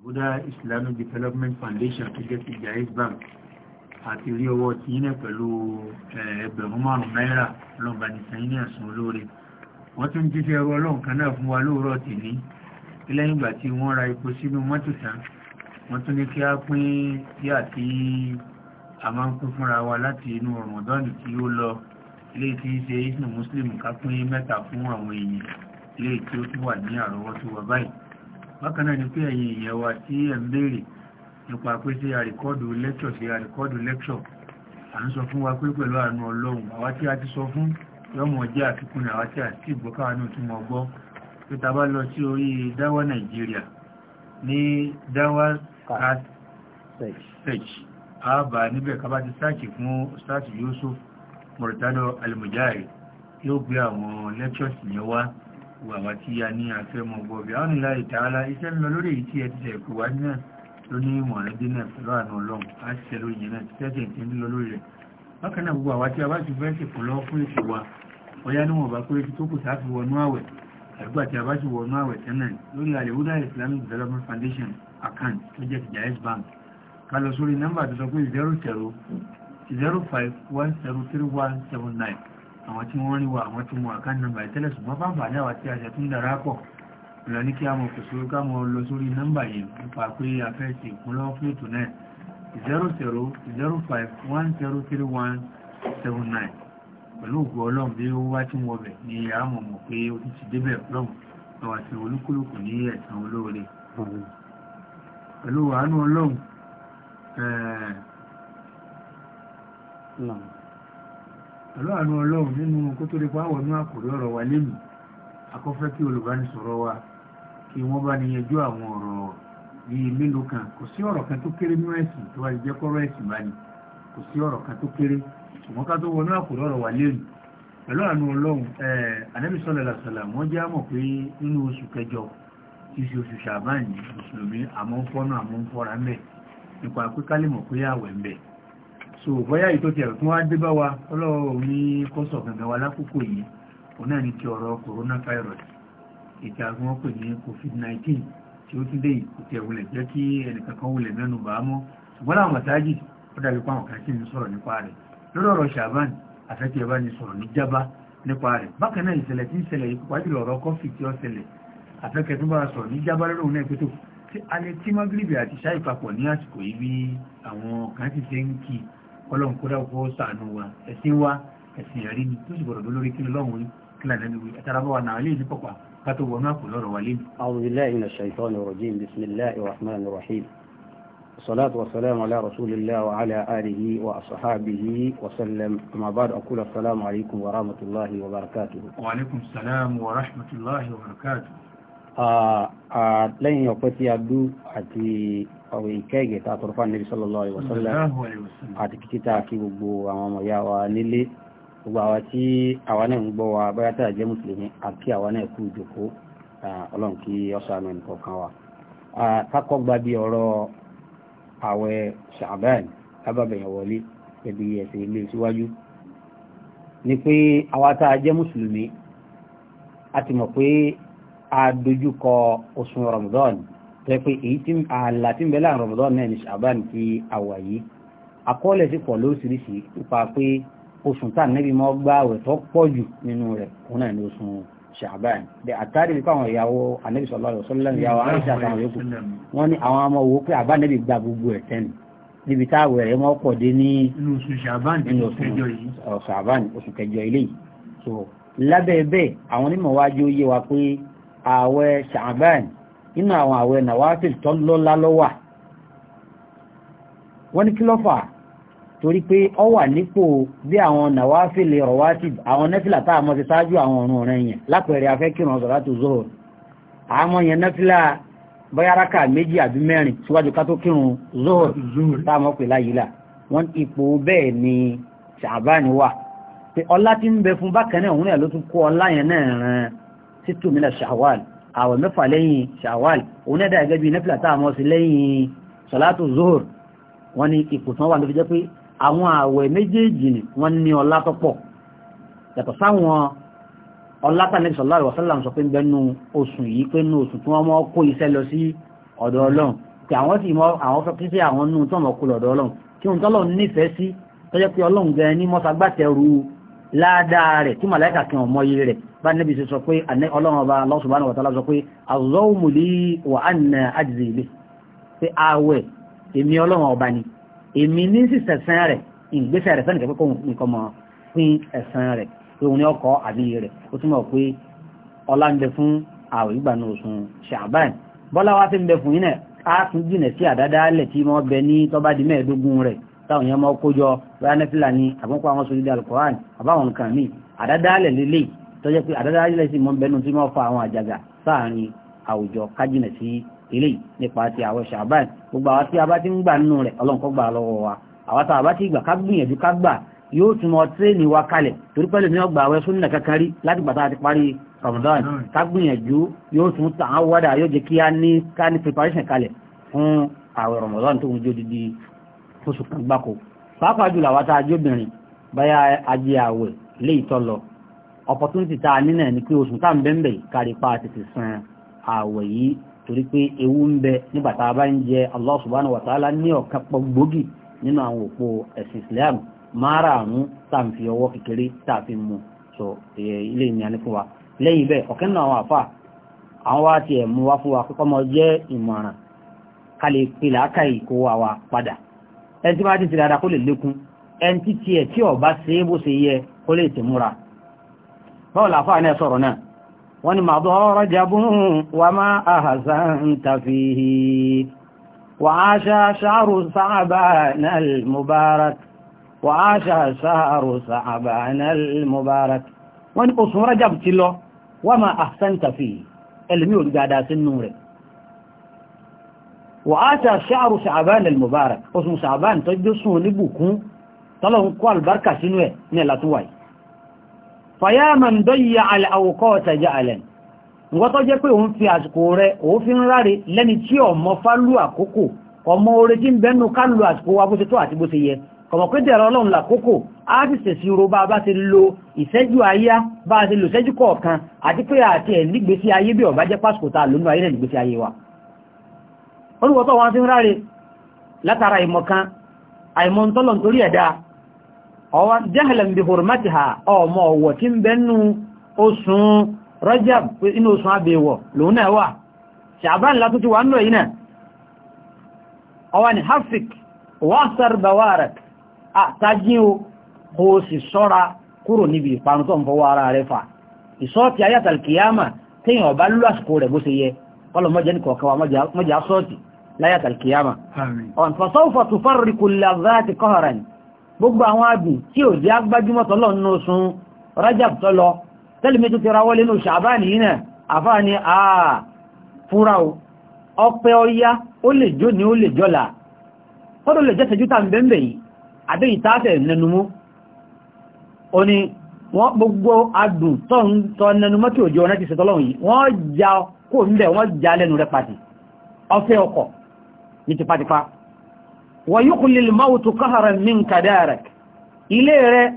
Buddha Islamic Development Foundation tó jẹ́ ti Jaiz Bank àti rí owó tí yínlẹ̀ pẹ̀lú ẹgbẹ̀rún márùn-ún náírà lọ́nà ìsẹ̀yìn ní ẹ̀sùn olóore wọ́n tún jíṣẹ́ ẹrọ ọlọ́run kan náà fún wa lóòrọ̀ tì ní lẹ́yìn ìgbà tí wọ́n ra epo sínú mọ́tò tán wọ́n tún ní kí á pín tí àti a máa ń pín fúnra wa láti inú rọ̀mọ̀dọ́nì tí ó lọ ilé tí í ṣe islam muslim ká pín mẹ́ta fún àwọn èèyàn ilé tí ó tún wà ní àrọ́wọ́tó wa báyìí bákan náà ni pé ẹ̀yin èèyàn wa tí ẹ̀ ń béèrè nípa pé sí àríkọ́dù lẹ́kṣọ̀ sí àríkọ́dù lẹ́kṣọ̀ à ń sọ fún wa pé pẹ̀lú àánú ọlọ́run àwa tí a ti sọ fún yọmọ jẹ́ àfikún ní àwa tí a ti gbọ́ káwa náà tún gbọ́ pé ta bá lọ sí orí dáwà nàìjíríà ní dáwà cat search níbẹ̀ ká bá ti sáàkì fún sáàkì Yusuf Murtado Almujari yóò gbé àwọn lẹ́kṣọ̀sì yẹn wá wàwà tí a ní àfẹ́mọ̀ gbọ́bẹ̀ àwọn ìlà ìtààlà iṣẹ́ lọ lórí èyí tí ẹ ti ṣẹ̀kù wá náà ló ní mọ̀lẹ́bí náà pẹ̀lú àna ọlọ́run á ṣiṣẹ́ lórí yẹn náà tẹ́tẹ̀ tí ń lọ lórí rẹ̀ bákan gbogbo àwa tí a bá ti fẹ́ ṣèkù lọ fún èsì wa ọyá níwọ̀n bá pé tó kù sáfi wọnú àwẹ̀ àgbà tí a bá ti wọnú àwẹ̀ tẹ́lẹ̀ lórí àlèwúdà Islamic Development Foundation account tó jẹ́ ti Jaiz Bank ká lọ sórí nọ́mbà tó sọ pé zero zero zero five one zero three one seven nine àwọn tí wọ́n rí wa àwọn tí mo àkáǹtì nọ́mbà ìtẹ́lẹ̀ ṣùgbọ́n fáfà ní àwọn tí a ṣe tún dára pọ̀ lọ ní kí a mọ̀ kò sórí ká mọ̀ lọ sórí nọ́mbà yìí nípa pé a fẹ́ ṣe ìkúnlọ́wọ́ fún náà zero pẹ̀lú ògùn ọlọ́run bí ó wá tí mo bẹ̀ ni a mọ̀ mọ̀ pé ó ti ti débẹ̀ ọlọ́run lọ́wọ́ àti olúkúlùkù ní ẹ̀sán olóore pẹ̀lú àánú ọlọ́run nínú kó tó lè pàwọ̀ ní àkòrí ọ̀rọ̀ wa lẹ́nu akọ́fẹ́ kí olùbánisọ̀rọ̀ wa kí wọ́n bá ní yanjú àwọn ọ̀rọ̀ bíi mélòó kan kò sí ọ̀rọ̀ kan tó kéré nínú ẹ̀sìn tó wá jẹ́ kọ́rọ̀ ẹ̀sìn bá ní kò sí ọ̀rọ̀ kan tó kéré ṣùgbọ́n ká tó wọnú àkòrí ọ̀rọ̀ wa lẹ́nu pẹ̀lú àánú ọlọ́run ànábì sallallahu alaihi wasallam wọ́n jẹ́ àmọ̀ pé nínú oṣù kẹjọ tí ṣe oṣù ṣàbáyé mùsùlùmí àmọ́ ń fọ́nà àmọ́ ń so bóyá ìtò tí ẹ̀rọ tí wọ́n á dé bá wa ọlọ́run ní kọ́sọ̀ gangan wa lákòókò yìí òun náà ní ti ọ̀rọ̀ coronavirus ètò àwọn wọn pè ní covid-19 tí ó tún dé kò tiẹ̀ wulẹ̀ jẹ́ kí ẹnìkankan wulẹ̀ mẹ́nu bá mọ́ ṣùgbọ́n láwọn mọ̀tájì ó dàbí pé àwọn kan sì ń sọ̀rọ̀ nípa rẹ̀ lórí ọ̀rọ̀ shaban àfẹ́tì ẹ̀bá ni sọ̀rọ̀ ní jábá nípa rẹ̀ bákan náà ìṣẹ̀lẹ̀ tí ń ṣẹlẹ̀ ìpàdé ọ̀rọ̀ kọ́fì tí ó ṣẹlẹ̀ àfẹ́kẹ́ tó bá sọ̀rọ̀ ní jábá lórí òun náà pé tó tí alẹ́ tí mọ́gìlìbì àti ṣáì papọ̀ ní àsìkò yìí bí àwọn kan ti ṣe ń kí i ọlọ́run kó dáwọ́ fọwọ́ sànù wa ẹ̀sìn wa ẹ̀sìn ẹ̀rí ni tó sì gbọ́dọ̀ ló lórí kílọ̀ lọ́hùn kílà nẹ́bí wí ẹ̀tàràbọ̀ wa náà lè ní pọ̀pà kátó wọnú àpò lọ́rọ̀ wa lẹ́nu. a'udhu billahi minash shaitanir rajim bismillahir rahmanir rahim والصلاة والسلام على رسول الله وعلى آله وأصحابه وسلم أما بعد أقول السلام عليكم ورحمة الله وبركاته وعليكم السلام ورحمة الله وبركاته lẹ́yìn ọ̀pẹ́ tí a dú àti àwọn ìkẹ́gẹ̀ tá a tọrọ fún Ànábì sallallahu alaihi wasallam àti kíkítà kí gbogbo àwọn ọmọ ìyá wa nílé gbogbo àwa tí àwa náà ń gbọ́ wa bóyá tá a jẹ́ mùsùlùmí àti àwa náà kú ìjòkó ọlọ́run kí ọ̀sán àmì nǹkan kan wa. kákọ́ bí ọ̀rọ̀ àwẹ̀ ṣàbẹ́ẹ̀n lábàbẹ̀yàn wọlé ẹbí ẹ̀sìn ilé síwájú ni pé àwa tá jẹ́ mùsùlùmí a mọ̀ pé a dojúkọ tẹ́ pé èyí tí ààlà tí ń bẹ láàrin Ramadan náà ní ṣàbáàní ti àwà yìí àkọọ́lẹ̀ sí pọ̀ lóríṣiríṣi nípa pé oṣù tá nẹ́bí mọ́ gbá àwẹ̀ tó pọ̀ jù nínú rẹ̀ òun náà ní oṣù ṣàbáàní bẹ àtàrí wípé àwọn ìyàwó anẹ́bí sọlá rẹ̀ sọlá ìyàwó àrùnṣà àtàwọn yòókù wọn ní àwọn ọmọ wo pé àbá nẹ́bí gba gbogbo ẹ̀ tẹ́nu níbi tá àwẹ̀ rẹ̀ mọ́ pọ̀ dé ní oṣù ṣàbáàní oṣù kẹjọ yìí so lábẹ́ bẹ́ẹ̀ àwọn onímọ̀ wájú yé wa nínú àwọn àwẹ̀ nàwáfíl tó lọ́lá lọ́wà wọ́n ní kí ló fà torí pé ọ wà nípò bí àwọn nàwáfíl rawatib àwọn nẹ́fìlà tá a mọ̀ sí ṣáájú àwọn ọ̀run ọ̀rẹ́ yẹn lápẹ̀rẹ̀ afẹ́ kírun salatu zuhur àmọ́ yẹn nẹ́fìlà ni ṣàbáni wà pé ọlá tí ń bẹ fún bákan náà òun náà ló tún àwẹ̀ mẹ́fà lẹ́yìn shawal òun ẹ̀dà gẹ́gẹ́ bí nẹ́fìlà tá mọ́ sí lẹ́yìn salatu zuhur wọ́n ní ipò tán wà ló fi jẹ́ pé àwọn àwẹ̀ méjèèjì ni wọ́n ní ọlá tó pọ̀ yàtọ̀ sáwọn ọlá tánẹ́bí sallallahu alaihi wasallam sọ pé ń bẹnu oṣù yìí pé nínú oṣù tí wọ́n mọ́ kó iṣẹ́ lọ sí ládàá rẹ̀ tí màláìkà kí wọn mọ́yí rẹ̀ bá níbi sí sọ pé ọlọ́run ọba Allah subhanahu wa ta'ala sọ pé azọ́ọ̀mùlí wà á nà àjìzì ilé pé ààwẹ̀ èmi ọlọ́run ọba ni èmi ní sísẹ̀ sẹ́n rẹ̀ ìgbésẹ̀ rẹ̀ sẹ́nìkẹ́ pẹ́kọ́ nǹkan mọ̀ pín ẹ̀sán rẹ̀ pé òun ní ọkọ̀ àbí rẹ̀ ó túmọ̀ pé ọlá ń bẹ fún rẹ̀ táwọn èèyàn máa kó jọ bóyá nẹ́fìlà ni àbúkọ́ àwọn sojúdé alukoran àbáwọn nǹkan míì àdádálẹ̀ lélẹ̀ tó jẹ́ pé àdádálẹ̀ sì mọ́ bẹnu tí wọ́n fa àwọn àjàgà sáàrin àwùjọ kájìnà sí ilé nípa ti àwọn ṣàbáyìn gbogbo àwọn tí a bá ti ń gbà nínú rẹ̀ ọlọ́nkọ́ gbà lọ́wọ́ wa àwọn tá a bá ti gbà ká gbìyànjú ká gbà yóò tún mọ tírèèni wa kalẹ̀ torí pẹ́lú ní ọgbà àwọn sunna kankan rí láti gbà tá a ti parí Ramadan ká gbìyànjú yóò tún tàn án wádà yóò jẹ́ kí a ní ká ní preparation kalẹ̀ fún àwẹ̀ Ramadan tó ń jó didi fóṣù kan gbáko pàápàá jùlọ àwọn tàà jóbìnrin báyá ajé àwẹ̀ lè tọ́ lọ opportunity tá a nínà ní pé oṣù tá ń bẹ́ẹ̀ kárí pa tètè san àwẹ̀ yìí torí pé ewu ń bẹ nígbà tá a bá ń jẹ Allah subhanahu wa ta'ala ní ọ̀kan pọ̀ gbòógì nínú àwọn òpó ẹ̀sìn Islam márààrún tá ń fi ọwọ́ kékeré tá a fi mú sọ ilé ìyẹn ní wa lẹ́yìn bẹ́ẹ̀ ọ̀kan náà àwọn àfà àwọn wá tiẹ̀ mú wá fún wa kọ́kọ́ mọ jẹ́ ìmọ̀ràn ká lè pè láákàyè kó wa wa padà ẹni tí bá ti ṣe dáadáa kó lè lékún ẹni tí tiẹ̀ tí ọba ṣe é bó ṣe yẹ kó lè ti múra báwo làfáà náà sọ̀rọ̀ náà wọ́n ni màá bọ́ rajabun wa ma ahsanta fihi wa asha sha'ru sha'ban al-mubarak wa asha sha'ru sha'ban al-mubarak wọ́n ni oṣù rajab ti lọ wa ma ahsanta fihi ẹlùmí ò sínú rẹ̀ wàátà ṣáàrù ṣàbán al-mubarak oṣù ṣàbán tó gbé sún oníbùkún tọ́lọ̀ ń kó albarka sínú ẹ̀ ní ẹ̀làtúwàì fàyàmà ń dọ́yà àwòkọ́ ọ̀tàjà alẹ́n nǹkan tó jẹ́ pé òun fi àsìkò rẹ̀ òun fi ń ráre lẹ́ni tí ọmọ fálú àkókò ọmọ orí tí ń bẹnu ká lo àsìkò wa bó ṣe tó àti bó ṣe yẹ kọ̀mọ̀ pé dẹ̀rọ ọlọ́run làkókò á sì sẹ̀sì ro bá bá ti lo ìṣẹ́jú àyá bá ti lo ìṣẹ́jú kọ̀ọ̀kan àti pé àti ẹ̀ nígbésí ayé bí ọ̀bá jẹ́ pásìkò ta lónú ayé rẹ̀ ayé wa wọ́n wọ́n tó wọ́n fi ń ráre látara ìmọ̀kan àìmọ̀ntọ́lọ̀ torí ẹ̀dá ọwá jahlan bi hurmatiha ọmọ ọ̀wọ̀ tí ń bẹ́nu oṣùn Rajab inú oṣùn abẹ́wọ̀ lòun náà wà ṣàbán ni hafik wásar bawarak a tajín o kó sì sọ́ra kúrò níbi ìparun tó ń fọwọ́ ara rẹ̀ fà ìsọ́ọ̀tì ayatal kiyama téèyàn ọba lásìkò rẹ̀ bó ní kọ̀ọ̀kọ̀wà mọ́jà sọ́ọ̀tì láyàtà alkiyama ọ̀n fasọ́fà tó fárí kùlà záàtì kọ́hàrán gbogbo àwọn àgbì tí ò jẹ́ agbájúmọ́ tọ́lọ̀ nínú sun rajab tọ́lọ tẹ́lẹ̀mí tó ti ra wọlé nínú ṣàbáàní yínà àfáà ni a fúra o ọpẹ ọya ó lè jó ní ó lè jọlà kọ́dọ̀ lè jẹ́sẹ̀jú tà ń bẹ́m̀bẹ̀ yìí àbẹ́ ìtaáfẹ̀ nẹnumú ó ní wọ́n gbogbo adùn tọ́ nẹnumọ́ tí ò jẹ́ ọ̀nà ní tipátipá wà yíkù lil mautu qaharan min kadarak ilé rẹ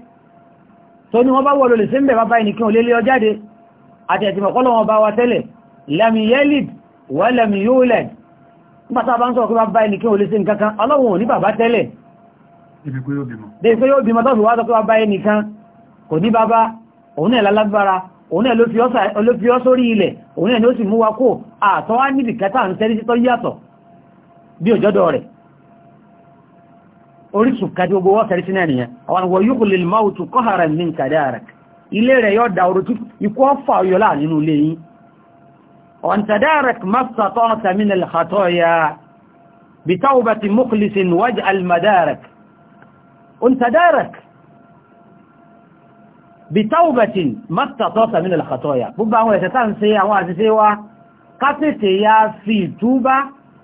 tó ní wọ́n bá wọ́lò lè sínbẹ̀ bá báyìí nìkan olélé ọjáde àti ẹ̀tìmọ̀kọ́lọ̀ wọn bá wa tẹ́lẹ̀ lam yalid wa lam yulad nígbàtà bá ń sọ ọkọ́ bá ẹni kí o lè ṣe nǹkan kan ọlọ́run ò ní bàbá tẹ́lẹ̀ ìpínlẹ̀ òbí mọ́tọ́sù wá sọ́kọ́ bá ẹni kan kò ní bàbá òun ẹ̀ lálágbára òun ẹ̀ ló fi ọ́ sórí ilẹ̀ òun ẹ̀ ló sì mú wa kó àtọ́wá níbi kẹta ń tẹ́rí sí tọ́ yàtọ̀ bí òjọ́dọ̀ rẹ̀ orísun kàdí ogbó wọ́n kẹrì sí náà nìyàn àwọn àwọn yóò lè máa òtù kọ́hàrà ní kàdí ààrẹ ilé rẹ̀ yóò dá orú ikú ọfà ọyọ́lá nínú ilé yìí ọ̀ntàdárẹ̀ mọ́sàtọ́ tàmínà lẹ́kàtọ́ ya bí táwọ̀bá ti mọ́kùlìsìn wájì almadárẹ̀ ọ̀ntàdárẹ̀ bí táwọ̀bá ti mọ́sàtọ́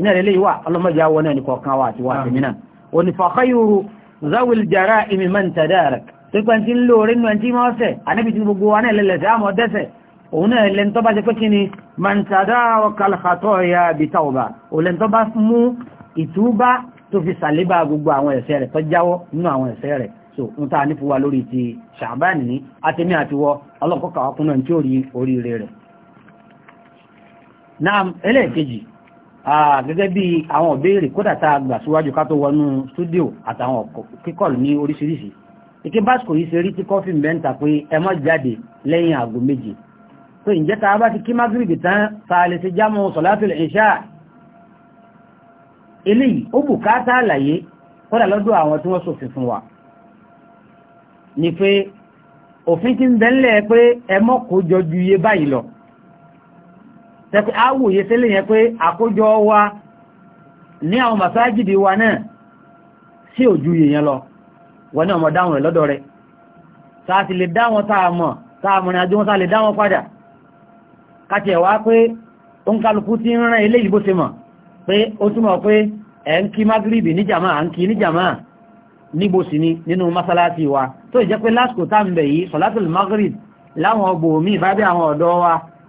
iná ilé ìwà ọlọ́mọdé àwọn náà ní kọ̀ọ̀kan wà àti wà àtìmí náà o ní fàkàyòrò zawil jara imi man tadarak tó pẹ́ tí ń lò rí nù ẹntí máa sẹ̀ anábi tí gbogbo wa náà lẹ́lẹ̀sẹ̀ àmọ́ dẹ́sẹ̀ òun náà lẹ́n tó bá jẹ́ pé kí ni man tadarak kalkatọ́ ya bi tauba o lẹ́n tó bá mú ìtúbá tó fi sàlébà gbogbo àwọn ẹ̀ṣẹ̀ rẹ̀ tó jáwọ́ nínú àwọn ẹ̀ṣẹ̀ rẹ̀ so n ta ní fún wa lórí ti ṣàbáàni ní atẹ́mí àti wọ ọlọ́kọ̀ọ́kọ̀ ọkùnrin tí ó rí oríire rẹ̀ naam ẹlẹ́ẹ̀kejì gẹ́gẹ́ bí àwọn òbéèrè kódà tá a gbà síwájú ká tó wọnú stúdíò àtàwọn kíkọ̀ ní oríṣiríṣi ike báṣkò yìí ṣe rí tí kọ́fì mẹ́ta pé ẹ má jáde lẹ́yìn aago méje pé ǹjẹ́ tá a bá ti kí magribi tán ta lè ṣe jámọ́ sọ̀látùl ìṣá tẹ́kù áwòye sílẹ̀ yẹn pé àkójọ wa ní àwọn masájìdì wa náà sí ojú yẹn lọ wọ́n ní ọmọ dáhùn rẹ̀ lọ́dọ̀ rẹ̀ sáà sì lè dáwọn táàmọ̀ táàmọ̀rin àjọ wọn sáà lè dáwọn padà káti ẹ̀wà pé ó ń kálukú tí ń rán ilé ìbó se mọ̀ pé ó túnmọ̀ pé ẹ̀ ń kí magribi ní à ń kí ní jàmá ni nínú mọ́sálásí wa tó ìjẹ́ pé lásìkò táàmbẹ̀ yìí sọ̀látùl magrib láwọn ọgbò mi ìbábẹ́ àwọn ọ̀dọ́ wa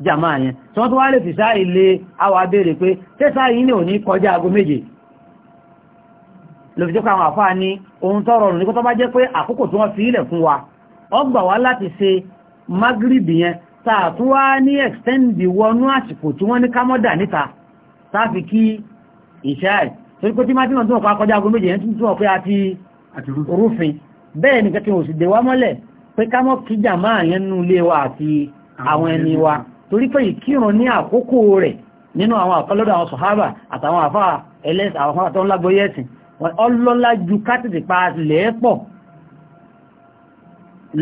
jàmá yẹn tí wọ́n tó wá lè fi sáà ilé àwà béèrè pé tẹ́sà yìí ní òní kọjá aago méje lòfíjẹ́ pé àwọn àfáà ní ohun tó rọrùn ní kó tó bá jẹ́ pé àkókò tí wọ́n fi ilẹ̀ fún wa ọgbà wá láti ṣe magribi yẹn tààtún wá ní extendi wọnú àsìkò tí wọ́n ní kámọ́dà níta sáfi kí ìṣẹ́ ẹ̀ torí pé tí máa tí wọ́n tún ọ̀pá àti àwọn ẹni wa torí pé ìkírun ní àkókò rẹ̀ nínú àwọn àkọlọ́dọ̀ àwọn sọ̀hábà àtàwọn àfá ẹlẹ́sìn àwọn àfá tó ń lágbóyé ẹ̀sìn ọlọ́lá ju kátìtì pa lẹ́ẹ̀pọ̀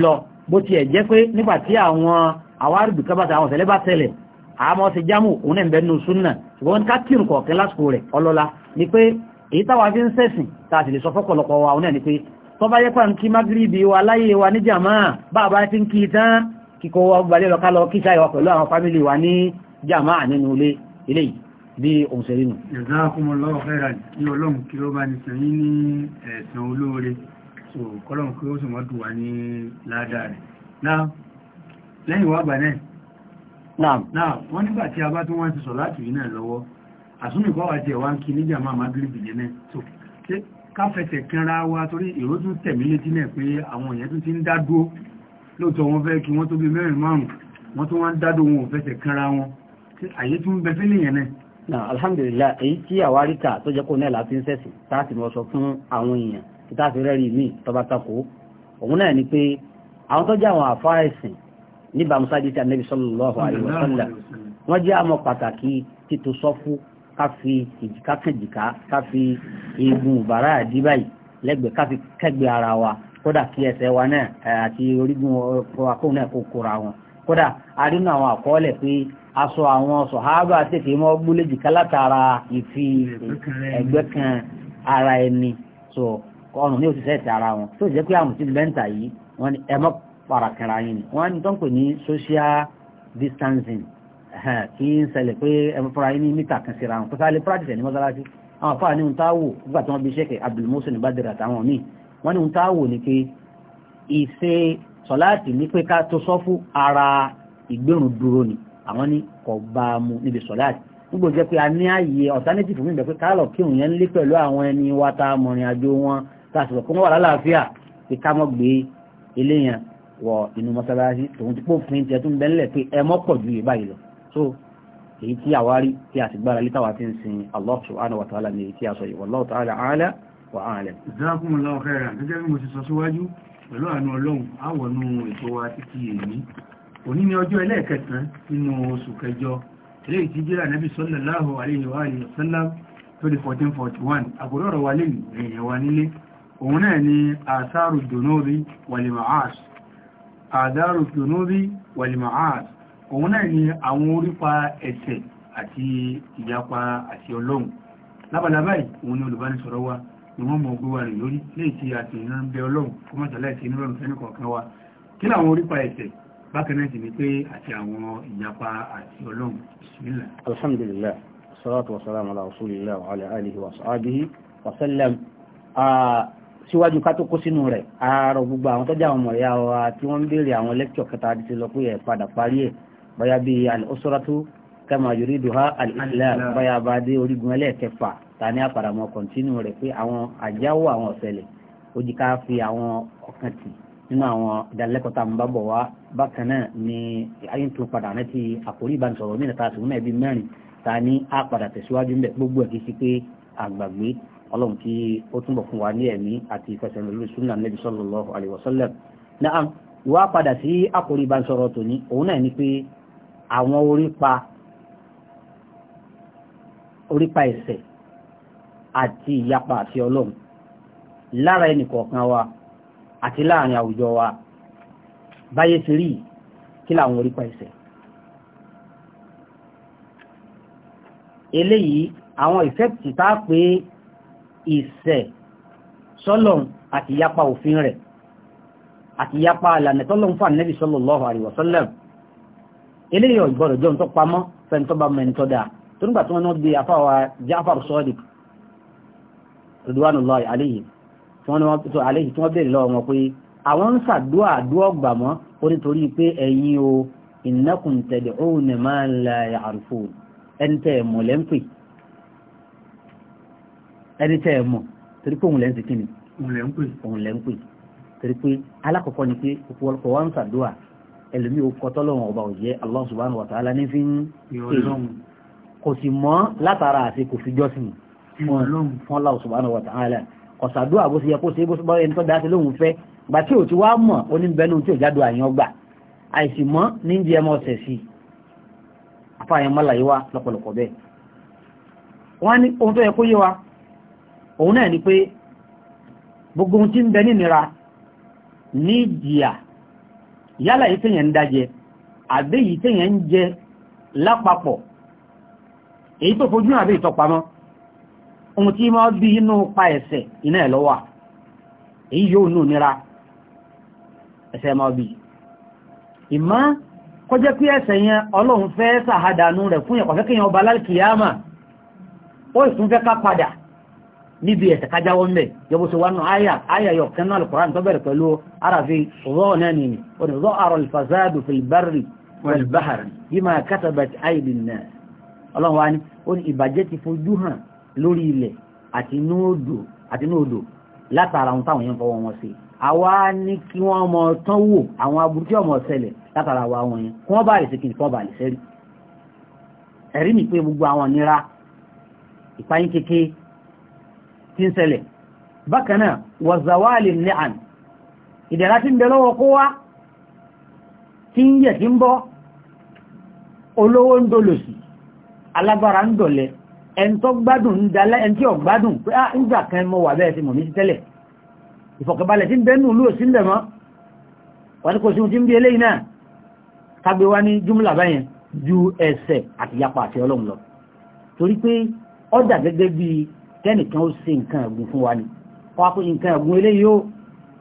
lọ bó ti ẹ̀ jẹ́ pé nígbàtí àwọn àwárìbì kábàtà àwọn tẹ̀lé bá tẹ̀lẹ̀ àmọ́ ti jámù òun ẹ̀ bẹ́nu súnà ṣùgbọ́n kátìrù kọ̀ọ̀kẹ́ lásìkò rẹ̀ ọlọ́lá wa òun ẹ̀ ni pé kíkó wọ́n lọ ká kí sáyẹ̀wọ̀ pẹ̀lú àwọn fámílì wa ní jàmáà nínú ilé ilé bí òun ṣe rínú. Jazakumullahu khairan ní ọlọ́run kí ó bá ní sẹ́yìn ní ẹ̀sán olóore so kọ́lọ́run kí ó sì mọ́dù wá ní ládàá rẹ̀ náà lẹ́yìn wá bà náà náà wọ́n nígbà tí a bá tún wọ́n ti sọ wa so káfẹsẹ̀ kanra wa torí ìrójú tẹ̀mí létí náà pé àwọn èèyàn tún ti ń dá dúró lóòtọ́ wọn fẹ́ kí wọ́n tó bí mẹ́rin márùn wọ́n tó wọ́n dádò wọn fẹ́sẹ̀ kanra wọn àyè tún bẹ fẹ́ nìyẹn náà. na alhamdulillah èyí tí àwárí kà tó jẹ́ kó náà láti ń sẹ̀sìn táàtì mọ́ sọ fún àwọn èèyàn tí táàtì rẹ́rìí míì tọba tako òun náà ni pé àwọn tó jẹ́ àwọn àfáà ẹ̀sìn níbàámu sáájú tí anabi sallallahu alaihi wasallam wọ́n jẹ́ àmọ́ pàtàkì títò sọ́fú káfí ìjìkákẹ́jìká káfí eegun kódà kí ẹsẹ̀ wa náà àti orígun akóhùn náà kò kóra wọn kódà a rí nínú àwọn àkọọ́lẹ̀ pé aṣọ àwọn sọ̀hábà tètè mọ́ gbólé jìká látara ìfi ẹgbẹ́ kan ara ẹni so ọrùn ní òṣìṣẹ́ ìta ara wọn tó jẹ́ pé àrùn tí bẹ́ńtà yìí wọ́n ní ẹmọ́ parakẹra yìí ni wọ́n tó ń pè ní social distancing kí ń ṣẹlẹ̀ pé ẹmọ́ fúnra yìí ní mítà kan síra wọn kó sáré practice ní mọ́sálásí àwọn afáà ní ohun táwò nígbà tí wọ́n bí ṣẹ́kẹ̀ Abdul Muhsin Badr àtàwọn míì wọ́n ní ohun táwò ní pé ìṣe sọ̀láàtì ní pé ká tó sọ́fú ara ìgbérùn dúró ni àwọn ní kò bá mu níbi sọ̀láàtì nígbò jẹ́ pé a ní ààyè alternative fún ìgbà pé káàlọ̀ kí òun yẹn ń lé pẹ̀lú àwọn ẹni wa ta mọ̀rìn àjò wọn láti sọ̀kún wà lálàáfíà pé ká mọ́ gbé eléyàn wọ inú mọ́sálásí tòun ti pófin tiẹ̀ tún bẹ́ńlẹ̀ pé ẹ mọ́ pọ̀ ju yìí báyìí lọ so èyí tí àwárí tí a sì gbára lítàwá fi ń sin Allah subhanahu wa ta'ala ní èyí tí a sọ yìí wallahu ta'ala a'la wà áàlẹ̀. Jazakumullahu khairan gẹ́gẹ́ bí mo ti sọ síwájú pẹ̀lú àánú ọlọ́run àwọ̀nú ètò wa títí èmi òní ni ọjọ́ ẹlẹ́ẹ̀kẹsàn nínú oṣù kẹjọ eléyìí 1441 àkùrọ̀ ọ̀rọ̀ wa lẹ́yìn èèyàn wa nílé òun náà ni àwọn orípa ẹ̀ṣẹ̀ àti ìyapa àti ọlọ́run lábalábáyìí òun ni olùbánisọ̀rọ̀ wa ìwọ́n mọ̀ gbówà rẹ̀ lórí léè tí a ti rán bẹ ọlọ́run kó mọ̀ tàlẹ́ ti nírọ̀rùn fẹ́ nìkọ̀ọ̀kan wa kí làwọn orípa ẹ̀tẹ̀ bákan náà sì ni pé àti àwọn ìyapa àti ọlọ́run bismillah. alhamdulillah salatu wasalam ala ala alihi wa wa sallam síwájú ká tó kó sínú rẹ̀ ààrọ gbogbo àwọn tọ́jà ọmọ ìyá wa tí wọ́n ń béèrè àwọn lẹ́kítọ̀ kẹta àti ti lọ pé ẹ̀ padà parí ẹ̀ bóyá bíi al-usratu kama yuriduha al-islam bóyá bá dé orígun ẹlẹ́ẹ̀kẹfà Tani ní àpàdà mọ́ kọ̀ntínú rẹ̀ pé àwọn àjáwò àwọn ọ̀sẹ̀lẹ̀ ó jí ká fi àwọn ọkàn tì nínú àwọn ìdánilẹ́kọ̀ọ́ tá à ń bá bọ̀ wá bákan náà ni ayé ń tún padà náà ti àkórí ìbánisọ̀rọ̀ mí ta sùn náà ibi mẹ́rin ta ní àpàdà tẹ̀síwájú ńbẹ̀ gbogbo ẹ̀ kì í sí pé àgbàgbé ọlọ́run kí ó túnbọ̀ fún wa ní ẹ̀mí àti ìfẹsẹ̀lórí sunnah nabi sallallahu alaihi wasallam náà ìwà padà sí àkórí ìbánisọ̀rọ̀ tòní òun náà ni pé àwọn orípa orípa ẹ̀sẹ̀ àti ìyapa àti ọlọ́run lára ẹnì kọ̀ọ̀kan wa àti láàrin àwùjọ wa báyé ti rí kí làwọn orípa ẹsẹ̀ eléyìí àwọn ìfẹ́kìtì tá a pé ìṣẹ̀ sọ́lọ̀n àti yapa òfin rẹ̀ àti yapa àlànà fún ànẹ́bì sallallahu alaihi wasallam eléyìí ọ̀gbọ̀rọ̀ jọ ń tọ́ pamọ́ fẹ́ntọ́ tó nígbà tí wọ́n náà gbé afáwa Ja'far Sadiq ridwanullahi alayhim tí wọ́n ní wọ́n tó alayhi tí wọ́n bèèrè lọ́wọ́ wọn pé àwọn ń ṣàdúà àdúà gbà mọ́ ó nítorí pé ẹ̀yin o innakum tad'una man la ya'rifun ẹni tẹ́ ẹ̀ mọ̀ lẹ́ ń pè ẹni tẹ́ ẹ̀ mọ̀ torí pé òun lẹ́ ń ti kíni òun lẹ́ ń pè torí pé alákọ̀ọ́kọ́ ni pé ọ̀pọ̀lọpọ̀ wa ń ṣàdúà ẹlòmí òkọ tọ́lọ́wọ̀n ọba òjẹ́ Allah subhanahu wa ta'ala ní fi ń pè kò sì mọ́ látara àti kò fi jọ́sìn wọn lóhun fún Allah subhanahu wa ta'ala ọ̀sàdúrà bó ṣe yẹ kó ṣe bó ṣe ẹni tó dáṣe lóhun fẹ́ gbà tí ò ti wá mọ̀ ó ní bẹnu tí ò jádù àyàn gbà àìsì mọ́ ní jẹ́ ẹmọ ọ̀sẹ̀ sí afáàyàn mọ́láyé wá lọ́pọ̀lọpọ̀ bẹ́ẹ̀ wọ́n ní ohun tó yẹ kó yé wa òun náà ni pé gbogbo ohun tí ń bẹ nínira ní ìjìyà yálà yìí téèyàn ń dájẹ àbí yìí ń jẹ lápapọ̀ èyí tó fojú hàn ìtọpamọ́ ohun tí máa bí inú pa ẹ̀sẹ̀ iná ẹ̀ lọ́wà èyí yóò nù nira ẹ̀sẹ̀ máa bí ìmá kó jẹ́ pé ẹ̀sẹ̀ yẹn ọlọ́run fẹ́ sàhádànú rẹ̀ fún ẹ̀kọ̀fẹ́ kí yẹn ọba lálkìyàmà ó ìsún fẹ́ ká padà níbi ẹ̀sẹ̀ kájáwọ́ mẹ́ yọbó sí wánú ayayọ kanáà al-Qur'an tó bẹ̀rẹ̀ pẹ̀lú arafi rọ́ náà nìyí lórí ilẹ̀ àti inú odò látara ohun táwọn èèyàn fọwọ́ wọn sí àwa ní kí wọ́n mọ tán wò àwọn aburú tí ọmọ ṣẹlẹ̀ látara wa wọn yẹn kí wọ́n bá lè ṣe kí n fọ́ bá lè ṣẹ́rí ẹ̀rí mi pé gbogbo àwọn nira ìpáyín kéke tí ń ṣẹlẹ̀ bákan náà wàzàwálì ní àn ìdẹ̀ra tí ń bẹ lọ́wọ́ kó wá tí ń yẹ̀ tí ń bọ́ olówó ń dolòsì alágbára ń dọ̀lẹ́ ẹni tó gbádùn ń dalẹ́ ẹni tí ò gbádùn pé á ah, ń gbà kan mọ́ wà bẹ́ẹ̀ ti mọ̀ ní títẹ́lẹ̀ ìfọ̀kànbalẹ̀ tí ń bẹ́nu olú òsì ń bẹ̀ mọ́ wọ́n ní kò sí ohun tí ń bí eléyìí náà kágbé wá ní júmùlà báyẹn ju ẹsẹ̀ àti yapa àti ọlọ́run lọ torí pé ọjà gẹ́gẹ́ bí kẹ́nìkan ó ṣe nǹkan ẹ̀gùn fún wa ni wọ́n á kó nǹkan ẹ̀gùn eléyìí ó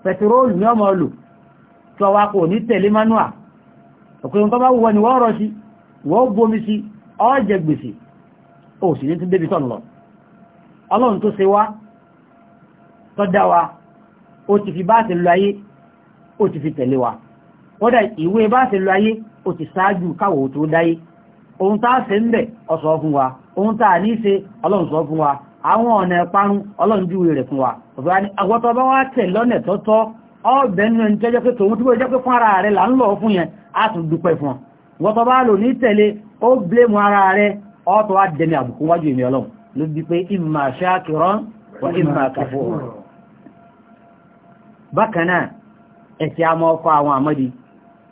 pẹtiróòlù ní ọmọ lò tí ọwá kò ní tẹ̀lé manua ọ̀pẹ̀ ohun tó bá wù wọ́n ni wọ́n rọ sí wọ́n bomi sí ọ́jẹ̀ gbèsè o si ní ti débi tọ́n lọ ọlọ́run tó ṣe wá o dá wa ó ti fi bá lọ ayé ó ti fi tẹ̀lé wa ìwé lọ ti tó dáyé ohun tá ṣe ń bẹ̀ fún wa ohun tá ní ṣe ọlọ́run sọ fún wa àwọn ọ̀nà ọlọ́run júwe rẹ̀ fún wa bá wá fún ara rẹ̀ là ń lọ fún yẹn tún dúpẹ́ fún ọ ara rẹ̀ ọ́tọ́ wá dẹni àbùkún wájú ìmì ọlọ́run ló bí pé ìmà ṣáàkìrán wà ìmà kàfọ́ bákanáà ẹ̀sẹ̀ àmọ́ ọkọ̀ àwọn àmọ́dí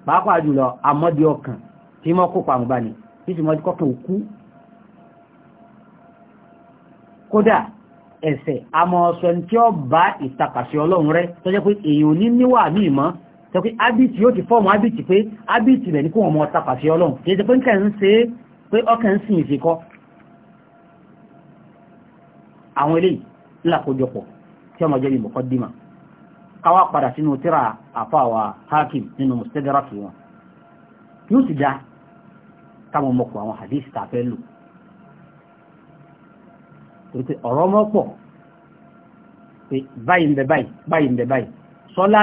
pàápàá jùlọ àmọ́dí ọkàn tí mọ́ kó pàmùbá ni tí sì mọ́ kọ́kàn òkú kódà ẹ̀sẹ̀ àmọ́ ọ̀sọ̀ tí ó bá ìtàkàṣẹ ọlọ́run rẹ tó jẹ́ pé èèyàn ní níwà ní ìmọ̀ tó pé ábìtì yóò ti fọ́ọ̀mù ábìtì pé ábìtì rẹ̀ ní kó wọn mọ́ ìtàkàṣẹ ọlọ́run kì ṣe pé ń kẹ́ ń ṣe é pé ọkàn sí ìfikọ́ àwọn eléyìí lákòjọpọ̀ tí ọmọ jẹ́ ìbùkọ́ dìmà káwà padà sínú tíra àfáwà hakim nínú mustadrak wọn yóò sì dá káwọn mọ̀pọ̀ àwọn hadith tàfẹ́ lò torí pé ọ̀rọ̀ mọ́pọ̀ báyìí ń bẹ báyìí báyìí ń bẹ báyìí sọlá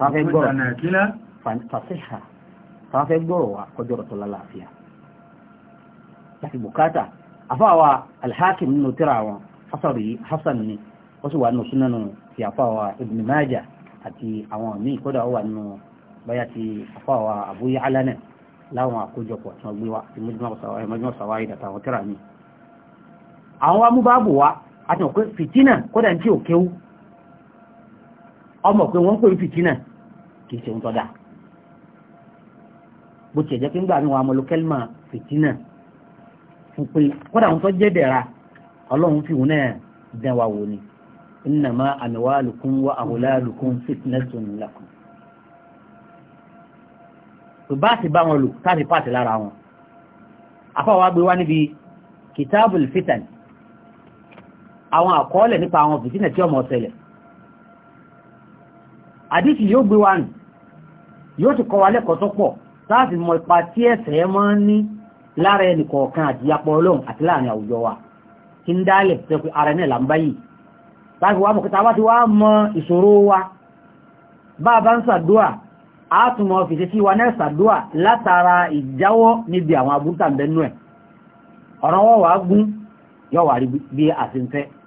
táwọn fẹ́ gbọ́rọ̀ fàṣíhà táwọn fẹ́ gbọ́rọ̀ wa kọjọ́rọ̀ tó lálàáfíà láti bùkátà àfáwà alhakim nínú tíra wọn hasari hasan ni ó sì wà nínú súnánù ti àfáwà ibn maja àti àwọn míì kódà ó wà nínú báyà ti àfáwà abu ya'la náà láwọn àkójọpọ̀ tí wọ́n gbé wá ti mọ́júmọ́ sàwárí àtàwọn tíra mi àwọn amúbáàbò wa àti ọ̀pẹ́ fìtínà kódà tí ò kéwú ọmọ kì í ṣe ohun tọ́da bó ti ẹ̀jẹ̀ pé ń gbà níwọ̀n amọ̀lókẹ́lmà fìtínà fún pé kọ́dà ohun tó jẹ́ dẹ̀ra ọlọ́run fi hùn náà dán wa wò ni innama amwalukum wa awladukum fitnatun lakum bá ti bá wọn lò káàkiri pàtì lára wọn afọ́wà gbé wá níbi kìtàbùl fitan àwọn àkọọ́lẹ̀ nípa àwọn fìtínà tí ọmọ ọ̀sẹ̀lẹ̀ àdíkì yóò gbé wá nù yóò ti kọ́ wa lẹ́kọ̀ọ́ tó pọ̀ láti mọ ipa tí ẹ̀ṣẹ̀ máa ń ní lára ẹnì kọ̀ọ̀kan àti yapọ̀ ọlọ́run àti láàrin àwùjọ wa kí ń dálẹ̀ tó pé ara náà là ń báyìí láti wá mọ̀ kí táwa ti wá mọ ìṣòro wa bá a bá ń ṣàdúà a tún mọ fèsì sí wa náà ṣàdúà látara ìjáwọ́ níbi àwọn abúrúkà ẹ̀ ọ̀ràn wọ́n gún yọ wà bí a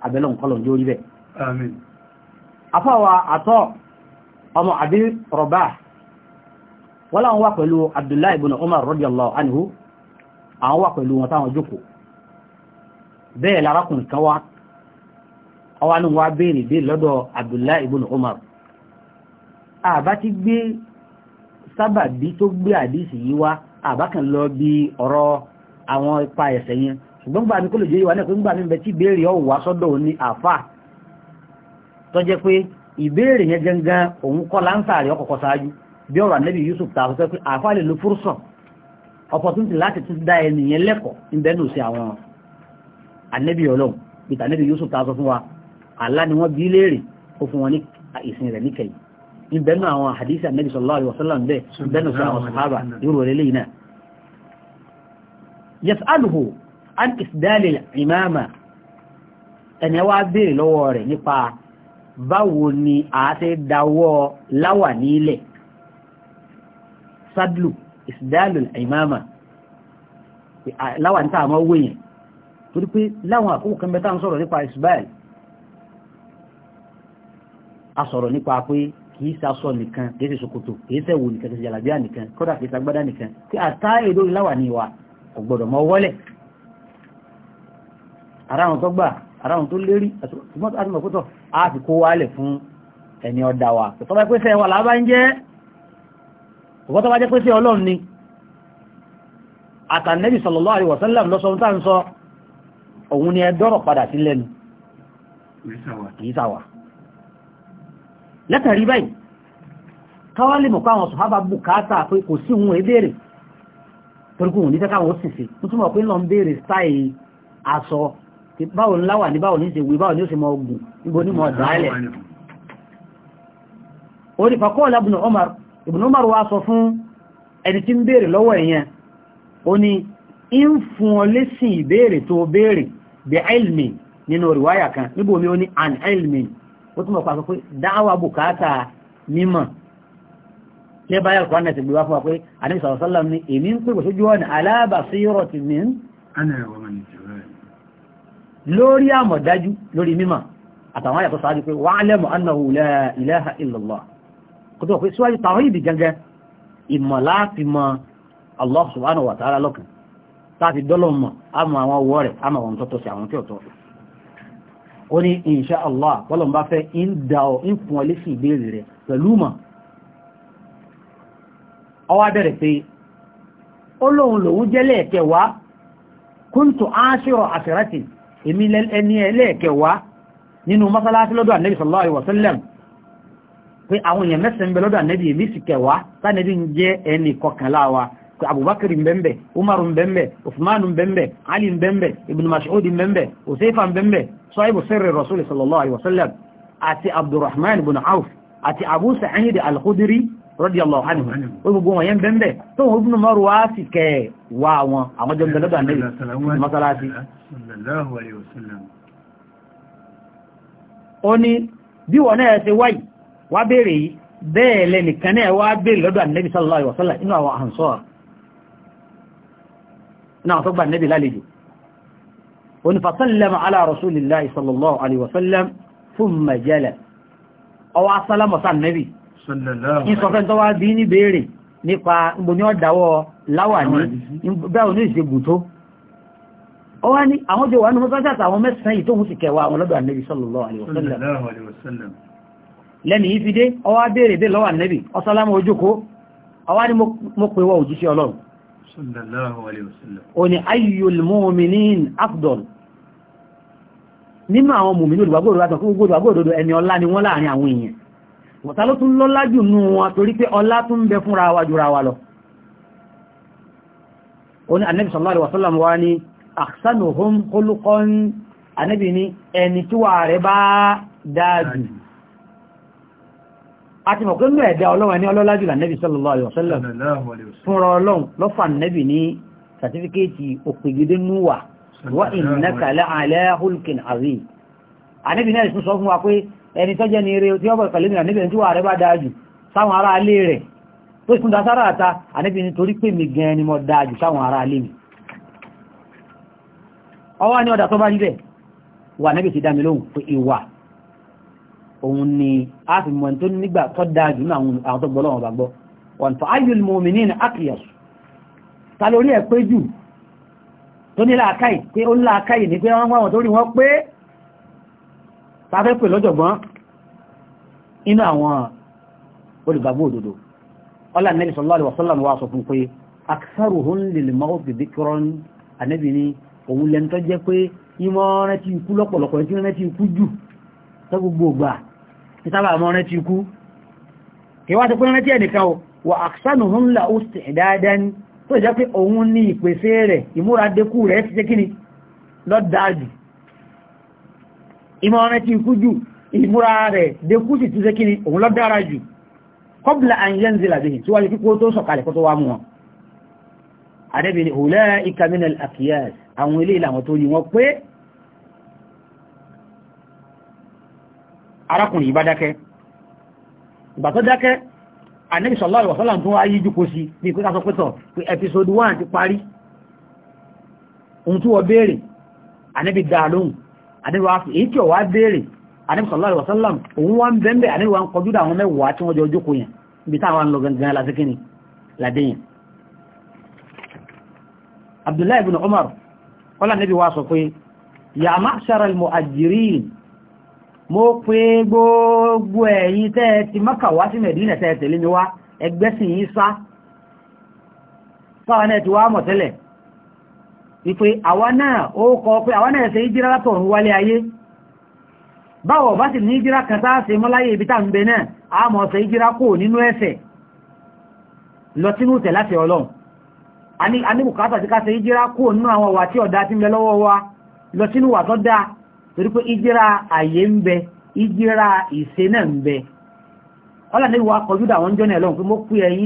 abẹ́lọ́n kọ́lọ̀ ní orí bẹ́ẹ̀. afọ́wà àtọ́ ọmọ àbí rọ̀bá wọ́n láwọn wà pẹ̀lú abdullahi ibn umar radiyallahu anhu àwọn wà pẹ̀lú wọn táwọn jókòó bẹ́ẹ̀ lárakùnrin kan wá ọwá ní wá béèrè dé lọ́dọ̀ abdullahi ibn umar àbá ti gbé sábàbí tó gbé àdísì yìí wá àbá kan lọ bí ọ̀rọ̀ àwọn ipa ẹ̀sẹ̀ yẹn ṣùgbọ́n gbà mí kó lè jẹ́ ìwà náà pé gbà mí bí ọ̀rọ̀ ànẹ́bì Yusuf tààfẹ́ pé àfáà lè lo fúrúsọ̀ opportunity láti tún dá ẹnìyàn lẹ́kọ̀ọ́ ìbẹ́nù sí àwọn ànẹ́bì ọlọ́run bí tànẹ́bì Yusuf tààfẹ́ fún wa àlá ni wọ́n bí léèrè ó fún wọn ní ìsìn rẹ̀ níkẹyìn ìbẹ́nù àwọn àdísì ànẹ́bì sallallahu alaihi wasallam bẹ́ẹ̀ ìbẹ́nù sí àwọn sàhábà irú báwo ni a ṣe dáwọ́ láwà ní ilẹ̀ sadlu isdalul ìmáàmà láwà ní tàà mọ́ owó yẹn torí pé láwọn àkókò kan bẹ́ta ń sọ̀rọ̀ nípa ìsìbáyìí a sọ̀rọ̀ nípa pé kìí sasọ nìkan kìí ṣe ṣòkòtò kìí ṣẹ̀wò nìkan kìí ṣe jàlàbíà nìkan kódà kìí ṣagbádá nìkan kí àtá èdò láwà ní wa kò gbọ́dọ̀ mọ́ wọ́lẹ̀ ara wọn tó gbà ara wọn tó lérí àti mọ́tò àti mọ̀kútọ̀ wọ́n tó bá jẹ́ pé sí ọlọ́run ni àtànẹ́bì sallallahu alaihi wasallam lọ́sọ tá ń sọ òun ni ẹdọ́rọ̀ padà sí lẹ́nu kìísàwà lẹ́tàrí báyìí káwà lè mọ̀kọ́ àwọn sọ̀hábà bùkátà pé kò sí òun èbèrè toríkùn ní tẹ́kà wọ́n sìsì tó túnmọ̀ pé lọ ń béèrè stáì aṣọ báwo ńlá wà Ibn Umar wá sọ fún ẹni tí ń béèrè lọ́wọ́ ẹ̀yẹn ó ní ń fún ọ lésì ìbéèrè tó béèrè bí ilmi nínú ríwáyà kan níbo mi ó ní an ilmi ó túnmọ̀ pàṣọ pé dáwà bùkátà mímọ̀ tí ẹ bá yàrá kwanà ti gbé wá fún wa pé àníbi sọ̀rọ̀ sọ́lá ní èmi ń pè sójú ọ̀nà alábàṣírọ̀ ti ní lórí àmọ̀dájú lórí mímọ̀ àtàwọn àyàtọ̀ sáájú pé wa'lamu annahu la ilaha illallah kò tó pé síwájú tàwíìdì gẹ́gẹ́ ìmọ̀ láti mọ Allah subhanahu wa ta'ala lọ́kàn láti dọ́lọ̀ mọ̀ àmọ́ àwọn owó rẹ̀ àmọ́ àwọn tọ́tọ́ sí àwọn tí ó tọ́ ó ní insha Allah bọ́lọ̀ bá fẹ́ ń da ọ ń fún ọ lẹ́sìn ìbéèrè rẹ̀ pẹ̀lú mọ̀ ọwá bẹ̀rẹ̀ pé ó lóun lòun jẹ́ lẹ́ẹ̀kẹwàá kúntù áṣírọ̀ àṣírátì èmi ẹni ẹlẹ́ẹ̀kẹwàá nínú mọ́sálásí lọ́dọ̀ ànẹ́bìsọ̀lọ́ àríwọ̀sọ́lẹ̀mù pé àwọn èèyàn mẹ́sàn ń bẹ lọ́dọ̀ ànẹ́bì èmi sì kẹwàá tánẹ́bì ń jẹ́ ẹni kọkànlá wa pé abubakar mbẹ́mbẹ́ umar mbẹ́mbẹ́ usman mbẹ́mbẹ́ ali mbẹ́mbẹ́ ibn mas'ud mbẹ́mbẹ́ usaifa mbẹ́mbẹ́ sahibu sirri rasul sallallahu alaihi wasallam àti abdurrahman ibn auf àti abu sa'id al-khudri radiyallahu anhu ó gbogbo wọn yẹn mbẹ́mbẹ́ tó wọn ibn umar wá sì kẹ wá wọn àwọn jọ ń bẹ lọ́dọ̀ ànẹ́bì masalasi ó wá bèèrè yìí bẹ́ẹ̀ lẹ́nìkan náà wá bèèrè lọ́dọ̀ ànẹ́bì sallallahu alaihi wasallam inú àwọn àǹsọ́r náà tó gbà ànẹ́bì lálejò òní fasallama ala rasulillahi sallallahu alaihi wasallam thumma jala ọwọ́ asálàmọ̀ sí ànẹ́bì ìsọ̀fẹ́ ó wá ní àwọn jẹ́ wà ní mọ́sánsá àtàwọn mẹ́sàn-án yìí tó ń sì kẹwàá àwọn lọ́dọ̀ ànẹ́bì sallallahu alaihi lẹ́ni yìí fi dé ọwá béèrè dé lọ́wà nẹ́bì ọsálámù ojúkó ọwá ní mo pè wọ òjíṣẹ́ ọlọ́run sallallahu alaihi wasallam ó ní ayyul mu'minin afdal nínú àwọn sallallahu alaihi wasallam wá ní ahsanuhum khuluqan anẹ́bì ní ẹni tí wà rẹ̀ bá àti mọ̀ pé nínú ẹ̀dá ọlọ́wọ́ ẹni ọlọ́lá jùlọ nẹ́bí sallallahu alaihi wasallam fúnra ọlọ́run lọ́fà nẹ́bí ní sàtífíkéètì òpègede núwà wa innaka la'ala hulkin azim ànẹ́bí náà sọ fún wa pé ẹni tọ́jẹ́ ni eré tí ọbọ̀ pẹ̀lú ìrìnà níbẹ̀ tí wà rẹ̀ bá dájú sáwọn ará alé rẹ̀ tó ìkún dasára àta ànẹ́bí ni torí òun ni a fi mọ̀ tó nígbà tó dájú náà àwọn tó gbọ́lọ́wọ̀n bá gbọ́ wọ́n tó ayyul mu'minin akiyas ta lórí ẹ̀ pé jù tó ní láàkáì pé ó láàkáì ní pé wọ́n wọ́n tó rí wọ́n pé tafẹ́ pè lọ́jọ̀gbọ́n inú àwọn olùgbàgbọ́ òdodo ọlá nẹ́bí ikú gbogbo ògbà ìsábà mọ́ rántí ikú kí wá ti pín rántí ẹnìkan wà àṣánù hún là ó sì dáadáa ní tó jẹ́ pé òun ní ìpèsè rẹ̀ ìmúradékú rẹ̀ ti ṣe kíni lọ́dáàjù ìmọ̀ rántí ikú jù ìmúra rẹ̀ dékú sì ti ṣe kíni òun lọ́dára jù kọ́bùlà àyẹ́nzìlà bìí arákùnrin ìbá dákẹ́ ìgbà tó dákẹ́ Ànábì sallallahu alaihi wasallam tó ayé jùkó sí bí i pẹ́kásọ pẹ́tọ̀ pé episode 1 ti parí ohun tí wọ́n béèrè Ànábì dá lóhùn Ànábì wá èyí tí ó wá béèrè Ànábì sallallahu alaihi wasallam òun wá ń bẹ́ẹ̀ Ànábì wá ń kọjú dà àwọn mẹ́wàá tí wọ́n jọ jókòó ya ma'shara muajirin mo pe gbogbo ẹ̀yin tẹ́ ti maka wá sí mẹ̀dínà tẹ́ tẹ̀lé mi wá ẹgbẹ́ sì yí sá fáwọn náà ti wá mọ̀ tẹ́lẹ̀ awa àwa náà ó kọ pé àwa náà ṣe ìjírá látọ̀run wálé ayé báwọ̀ bá sì ní ìjírá kan mọ́láyé ibi ń bẹ náà a mọ̀ ṣe ìjírá kò nínú ẹ̀ṣẹ̀ lọ sínú tẹ̀ wa lọ sínú wà torí pé ìjíra àyè ń bẹ ìjíra ìṣe náà ń bẹ ọlá ní wa kọjú dà wọ́n jọ́nà ẹ̀lọ́run pé mo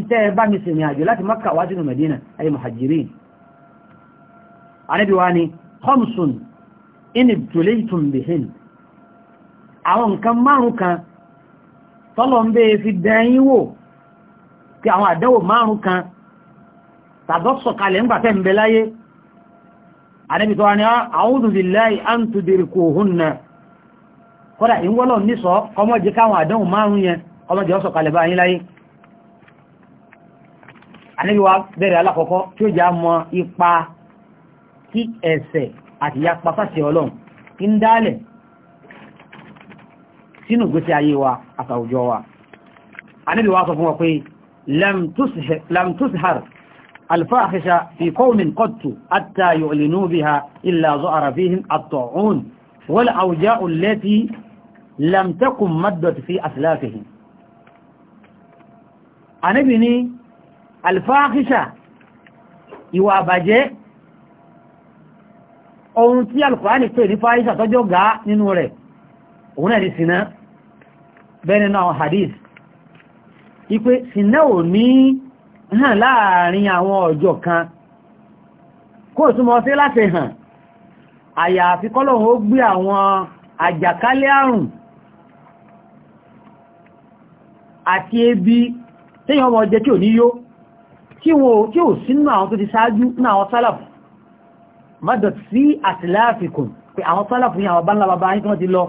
tẹ́ bá mi sìnrìn àjò láti Mákà wájú ní Mẹ̀dínà ayé muhajirin Ànábì wa ni homsun inibtulaytum bihin àwọn nǹkan márùn kan tọ́lọ̀ ń bẹ́ fi dẹ́yìn wò kí àwọn àdánwò kan ń bẹ láyé ànábì tó wá ní a'udhu billahi an tudrikuhunna kọ́dà ìwọ́lọ̀ nísọ kọmọ́jẹ káwọn àdánwò márùn yẹn kọmọ́jẹ ọ́sọ̀ kalẹ̀ yín láyé ànábì bẹ̀rẹ̀ alákọ̀ọ́kọ́ tí ó jà mọ ipa kí ẹ̀ṣẹ̀ àti ya pàtàkì ọlọ́run kí ń dálẹ̀ sínú gbésí wa wa lam الفاحشة في قوم قد حتى يعلنوا بها إلا ظهر فيهم الطاعون والأوجاء التي لم تكن مدت في أسلافهم أنبني الفاحشة ìwàbàjẹ́ ohun tí alkùránì pè ní fáyíṣà tọ́jọ́ gá nínú rẹ̀ òun ẹ̀rí sinà bẹ́ẹ̀ nínú àwọn hadith hàn láàrin àwọn ọjọ́ kan kó túnmọ̀ sí láti hàn àyàfi kọ́lọ̀hún ó gbé àwọn àjàkálẹ̀ àrùn àti ebi téyàn ọmọ jẹ tí ò ní yó tí ò sínú àwọn tó ti ṣáájú ní àwọn sálàfù mọ́dọ̀ sí àtìláàfikùn pé àwọn sálàfù yí àwọn bá ńlá bàbá yí tí wọ́n ti lọ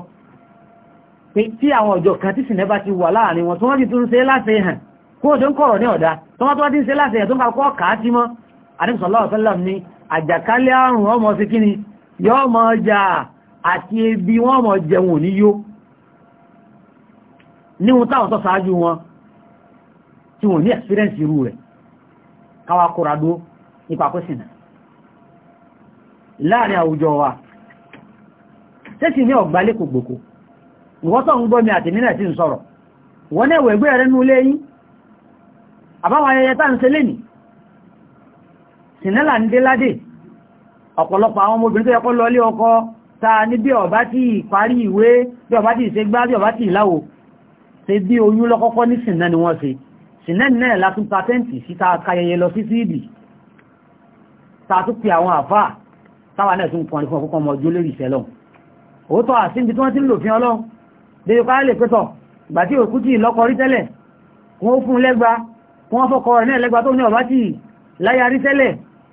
pé tí àwọn ọjọ́ kan tí sìnẹ́bá ti wà láàrin wọn tí wọ́n ti tún ṣe láti hàn kó ṣe ń kọ̀rọ̀ ní ọ̀dá tó wọ́n tó wá ti ń ṣe láti ẹ̀tún kàkọ́ kàátí mọ́ àdínsọ̀lọ́ọ̀sọ́lọ́m ni àjàkálẹ̀ àrùn ọmọ sí kíni yọ́ mọ́ ọjà àti ebi wọ́n mọ́ jẹun òní yó níhun táwọn tó sáájú wọn tí wọ́n ní experience irú rẹ̀ káwa kóradó nípa kọ́sìnà láàrin àwùjọ wa tẹ́sì ní ọ̀gbálẹ́kògbòkò ìwọ́tọ̀ ń gbọ́ mi àtìmínà ń sọ̀rọ̀ wọ́n rẹ̀ àbáwọn ayẹyẹ tá ń ṣe lè nì sinẹ́là ń dé ládé ọ̀pọ̀lọpọ̀ àwọn ọmọbìnrin tó yẹkọ́ lọlé ọkọ ta ní bí ọba tí parí ìwé bí ọba tí ìṣe gbá bí ọba tí ìláwò ṣe bí oyún lọ́kọ́kọ́ ní sinẹ́ ni wọ́n ṣe sinẹ́ náà látún patẹ́ǹtì síta kayẹyẹ lọ sí síìbì ta tún pe àwọn àfáà táwa náà tún kọrin fún ọkọ̀ ọmọ ojú lórí ìṣẹ́ lọ òótọ́ àsíbi tí wọ́n ti ń lò fi ọlọ́run débi pa lè pẹ́tọ̀ ìgbà tí òkú tí ìlọ́kọ rí tẹ́lẹ̀ wọ́n fún lẹ́gbàá wọ́n fọ́kọ rẹ̀ náà lẹ́gbà tó ní ọ̀bá tí láyé arí tẹ́lẹ̀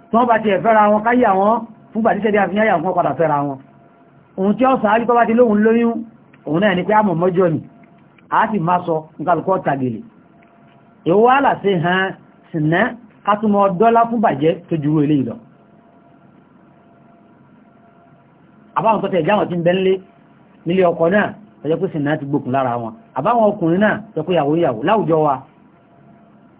tí wọ́n bá ti ẹ̀fẹ́ra wọn káyà wọn fún gbàdíṣẹ́ bí àfihàn yàwọn padà fẹ́ra wọn òun tí ó sàájú tó ti lóhun lóyún òun náà ni pé àmọ̀ mọ́jọ́ ni a sì máa sọ nǹkalùkọ́ tàgèlè èwo wá làṣẹ han sìnà kátùmọ̀ dọ́lá fún bàjẹ́ tó ju eléyìí lọ àbáwọn tó tẹ̀ jáwọn tí ń bẹ́ńlé nílé ọkọ náà tọ́jọ́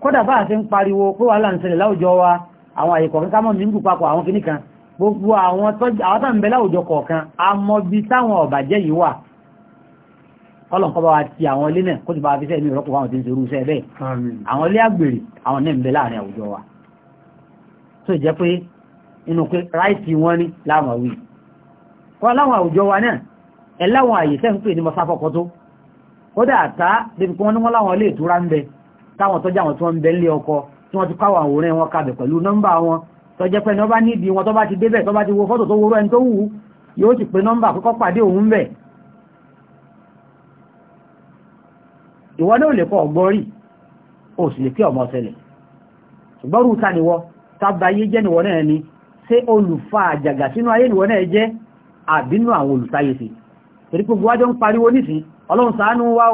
kódà bá àti ń pariwo pé wà láǹsẹ̀lẹ̀ láwùjọ wa àwọn àyíkọ̀ kíkà mọ́ mímú papọ̀ àwọn kìíní kan gbogbo àwọn tàbí láwùjọ kọ̀ọ̀kan a mọ̀ bí táwọn ọ̀bàjẹ́ yìí wà ọlọ́nkọ́bá wa ti àwọn ilé náà kó ti bá fi sẹ́ẹ̀mí ìrọ́pù fáwọn tí ń serú iṣẹ́ bẹ́ẹ̀ àwọn ilé àgbèrè àwọn náà ń bẹ láàrin àwùjọ wa tó jẹ́ pé inú pé ráìtì wọ́n ní táwọn tọ́jà wọn tí wọ́n ń bẹ lé ọkọ tí wọ́n ti káwọ àwòrán wọn kabẹ̀ pẹ̀lú nọ́mbà wọn tó jẹ́ pé ní wọ́n bá nídìí wọn tó bá ti débẹ̀ tó bá ti wo fọ́tò tó wúrọ́ ẹni tó wù yóò ti pé nọ́mbà kọ́kọ́ pàdé òun bẹ̀ ìwọ náà lè kọ́ ọgbọ́rì ó sì lè kí ọmọ ṣẹlẹ̀ ṣùgbọ́n rúta ni wọ́n tábàyé jẹ́ ni wọ́n náà ni ṣé olùfà àjàgà sínú ayé ni wọ́n náà jẹ́ àbínú àwọn olùtayé torí gbogbo wájọ́ ń pariwo nísìn ọlọ́run ṣàánú wá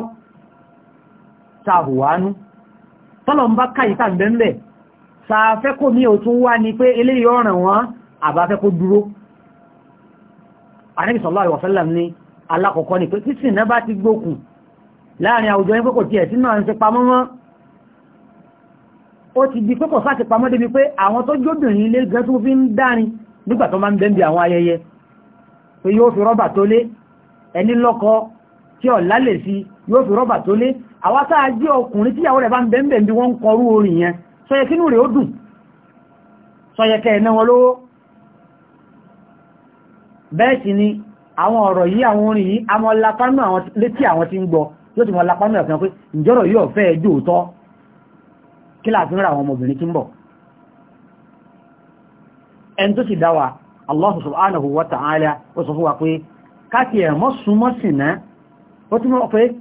tàhùwánú tọ́lọ̀ ń bá káyì tà ń bẹ́ ń bẹ̀ sàáfẹ́ kò ní òtún wá ní pé eléyìí ọ̀ràn wọn àbáfẹ́ kó dúró Ànábì ni pé títì náà bá ti gbókùn láàrin àwùjọ yẹn pé kò tiẹ̀ sínú àwọn ṣe pamọ́ mọ́ ó ti di pé kò sáà ti pamọ́ débi pé àwọn tó jóbìnrin ilé gan tó fi ń dárin nígbà tó máa ń bẹ́ẹ̀ bí àwọn ayẹyẹ yóò fi rọ́bà tó lé ẹni lọ́kọ tí ọ̀lá lè fi yóò fi rọ́bà tó lé àwọn tàà jẹ́ ọkùnrin tíyàwó rẹ̀ bá ń bẹ̀m̀bẹ̀ bí wọ́n ń kọrú orin yẹn sọyẹ kínú rẹ̀ ó dùn sọyẹ kẹ́ẹ̀ná wọn lówó bẹ́ẹ̀ sì ni àwọn ọ̀rọ̀ yìí àwọn orin yìí a mọ́ lápánú àwọn létí àwọn tí ń gbọ́ yóò ti mọ́ lápánú ẹ̀fẹ́ pé ìjọ́rọ̀ yóò fẹ́ ẹjọ́ òótọ́ kí láti ra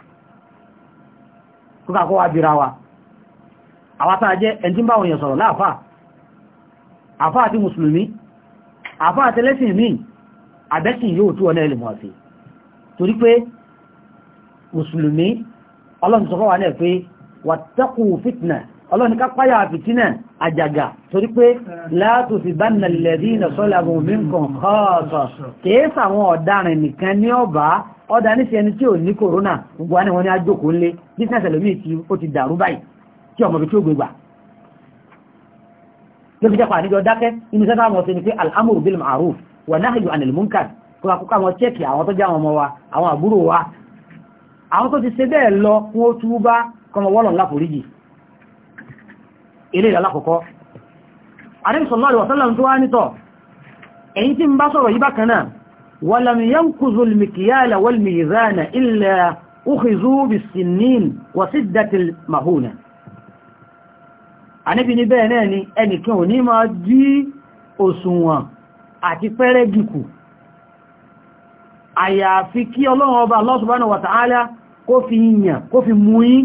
kó kàkọ́ wá bíra wa àwátá jẹ́ ẹni tí ń bá wọn yẹn sọ̀rọ̀ láàfà àfà àti mùsùlùmí àfà àti lẹ́sìn míì àbẹ́sìn yóò tú ọ̀nà ẹlùmọ̀ sí torí pé mùsùlùmí ọlọ́run sọ fọ́wà náà pé wàtẹ́kù fitna ọlọ́run ká torí pé látò fi bá ọ̀dà ní ti tí ò ní kòrónà gbogbo wa ni wọ́n ní ajókòó ńlé business ẹlòmíì tí ó ti dàrú báyìí tí ọmọ ibi tí ó gbé gbà lóbi jẹ́ pàdé jọ dákẹ́ inú sẹ́ta àwọn ọ̀sẹ̀ ni pé al'amuru bil ma'ruf wa nahyu anil munkar kó wa kókó àwọn chẹ́ẹ̀kì àwọn tó jẹ́ àwọn ọmọ wa àwọn àbúrò wa àwọn tó ti ṣe bẹ́ẹ̀ lọ wọn ó túbá kọmọ wọ́lọ̀ ńlá foríjì ilé ìlàlá kọ̀kọ́ àdébìsọ̀lọ́rẹ̀ wọ̀sánlá tó wá nítọ̀ èyí tí ń bá sọ̀rọ̀ yí bákan náà ولم ينقذوا المكيال والميزان إلا أخذوا بالسنين وسدة المهونة àníbi ní bẹ́ẹ̀ náà ni ẹnìkan ò ní máa dí òṣùwọ̀n àti pẹ́rẹ́ gìkù àyàfi kí ọlọ́run ọba Allah subhanahu wa ta'ala kó fi yìnyàn kó fi mú yí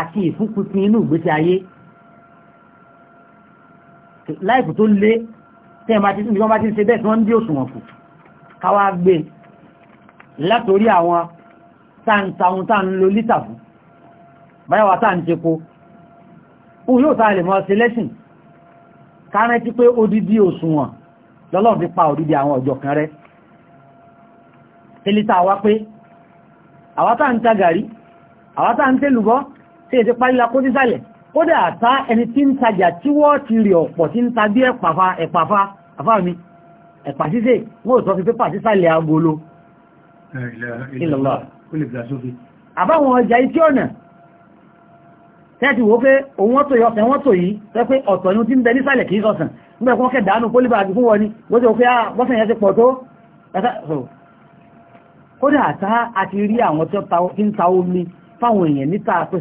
àti ìfúnpipin inú ìgbésí ayé láìpù tó lé tẹ́ẹ̀ bá ti ń ṣe bẹ́ẹ̀ tí wọ́n ń dí òṣùwọ̀n fún káwá gbé látorí àwọn táǹtàun táà ń lo lítà fún báyàwà táà ń tepo òun yóò táà lè mọ́ sí lẹ́sìn tí pé odidi òṣùwọ̀n lọ́lọ́run fi pa odidi àwọn ọjọ́ kan rẹ̀ tẹ́lítà wá pé àwátà ń ta gàrí àwátà ń tẹ́lùbọ́ tí èsì parílá kó sísàlẹ̀ kódà àtá ẹni tí ń tajà tí wọ́n ti rí ọ̀pọ̀ tí ń ta ẹ̀pàfà ẹ̀pàfà àfáà mi ẹ̀pà sísè wọ́n ò sọ fi pépà sísàlẹ̀ agolo àbáwọn ọjà iṣẹ́ ọ̀nà tẹ́ẹ̀tì wó pé òun wọ́n tó yí ọ̀sẹ̀ wọ́n tó yí tẹ́ pé ọ̀tọ̀ ní ti ń bẹ nísàlẹ̀ kìí sọ̀sàn nígbà kí wọ́n ni wọ́n tó pé wọ́sàn ah, yẹn ti pọ̀ tó kódà àtá àti rí àwọn tí ń ta omi fáwọn èèyàn níta pé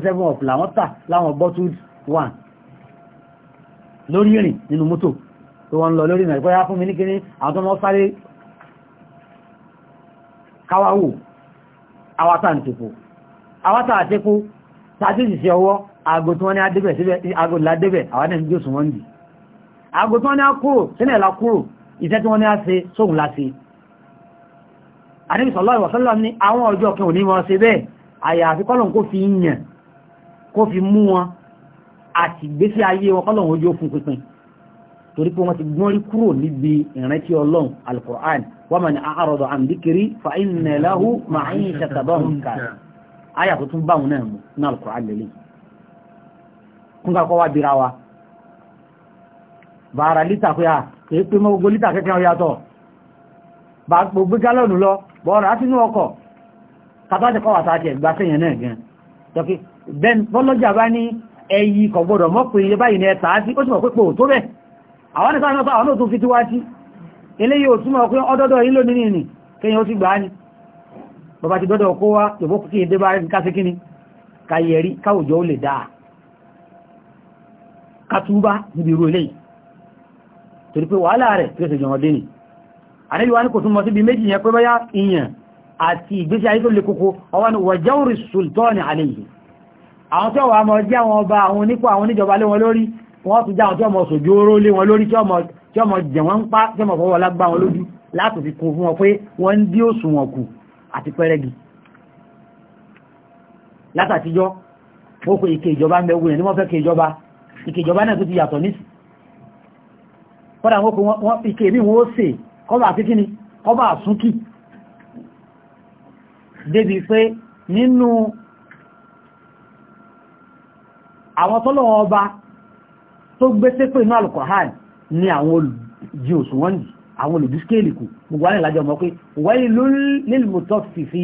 7 of tó wọ́n lọ lórí ìrìnà ìpọ́yá fún mi ní kíní àwọn tó mọ́ sáré káwàwò awátà ń tèpò awátà àtẹ́kú tàbí ìṣẹ́ ọwọ́ aago tí wọ́n ní adébẹ̀ síbẹ̀ aago ládébẹ̀ àwọn ẹni jò sùnwọ́n la kúrò iṣẹ́ tí wọ́n ní á ṣe sóhun la ṣe àníbi sallallahu alaihi wasallam ní àwọn ọjọ́ kan ò ayé wọn kọ́lọ̀n ojú ó pínpín torí pé wọ́n ti gbọ́n rí kúrò níbi ìrántí ọlọ́run alukur'an wa man a'rada an dhikri fa inna lahu ma'ishatan danka ayà tó tún báwọn náà mú ní alukur'an lélẹ̀ kúnkà kọ́ wá bíra wa bàárà lítà pé a kìí pé mọ́ gbogbo lítà kẹ́kẹ́ ọ̀yàtọ̀ bá gbogbo gálọ́nù lọ bọ́ọ̀rọ̀ á sínú ní ẹyí kọ̀ gbọ́dọ̀ mọ́ pé iye àwọn ní sáàmọ́sá àwọn òtún fi tíwá sí ilé yóò túnmọ̀ pé ọdọ́dọ̀ yìí lónìí nìní kíyàn ó sì gbà á ní bàbá ti dọ́dọ̀ kó wá ìbókù kí ìdébá kásí kíní kayẹ̀rí káwùjọ lè dáa katúbá níbi irú ilé torí pé wàhálà rẹ̀ tí ó ni àníbi wá ní kò túnmọ̀ síbi méjì yẹn pé báyá ìyàn àti ìgbésí ayé tó le kókó ọwọ́ ni wọ̀jẹ́wùrì sultani àlejì àwọn tí ọwọ́ àmọ́ jẹ́ àwọn ọba àwọn onípò wọ́n tún jáwọn tí ọmọ sòjú oró lé wọn lórí tí ọmọ jẹ wọ́n ń pá tí ọmọ fọwọ́ lágbá wọn lójú láti fi kún fún wọn pé wọ́n ń dí òsùn wọn kù àti pẹ́rẹ́gì látàtijọ́ ó pé ike ìjọba ń bẹ wúyẹn ní wọ́n fẹ́ ke ìjọba àwọn tọ́lọ́wọ́ ọba tó gbéṣẹ́ pé inú alukọ̀hán ni àwọn olùjí òṣùwọ́n yìí àwọn olùdí skéèlì kù gbogbo àwọn ìlàjọ mọ̀ pé wáyé lílùmọ̀tọ́ fìfì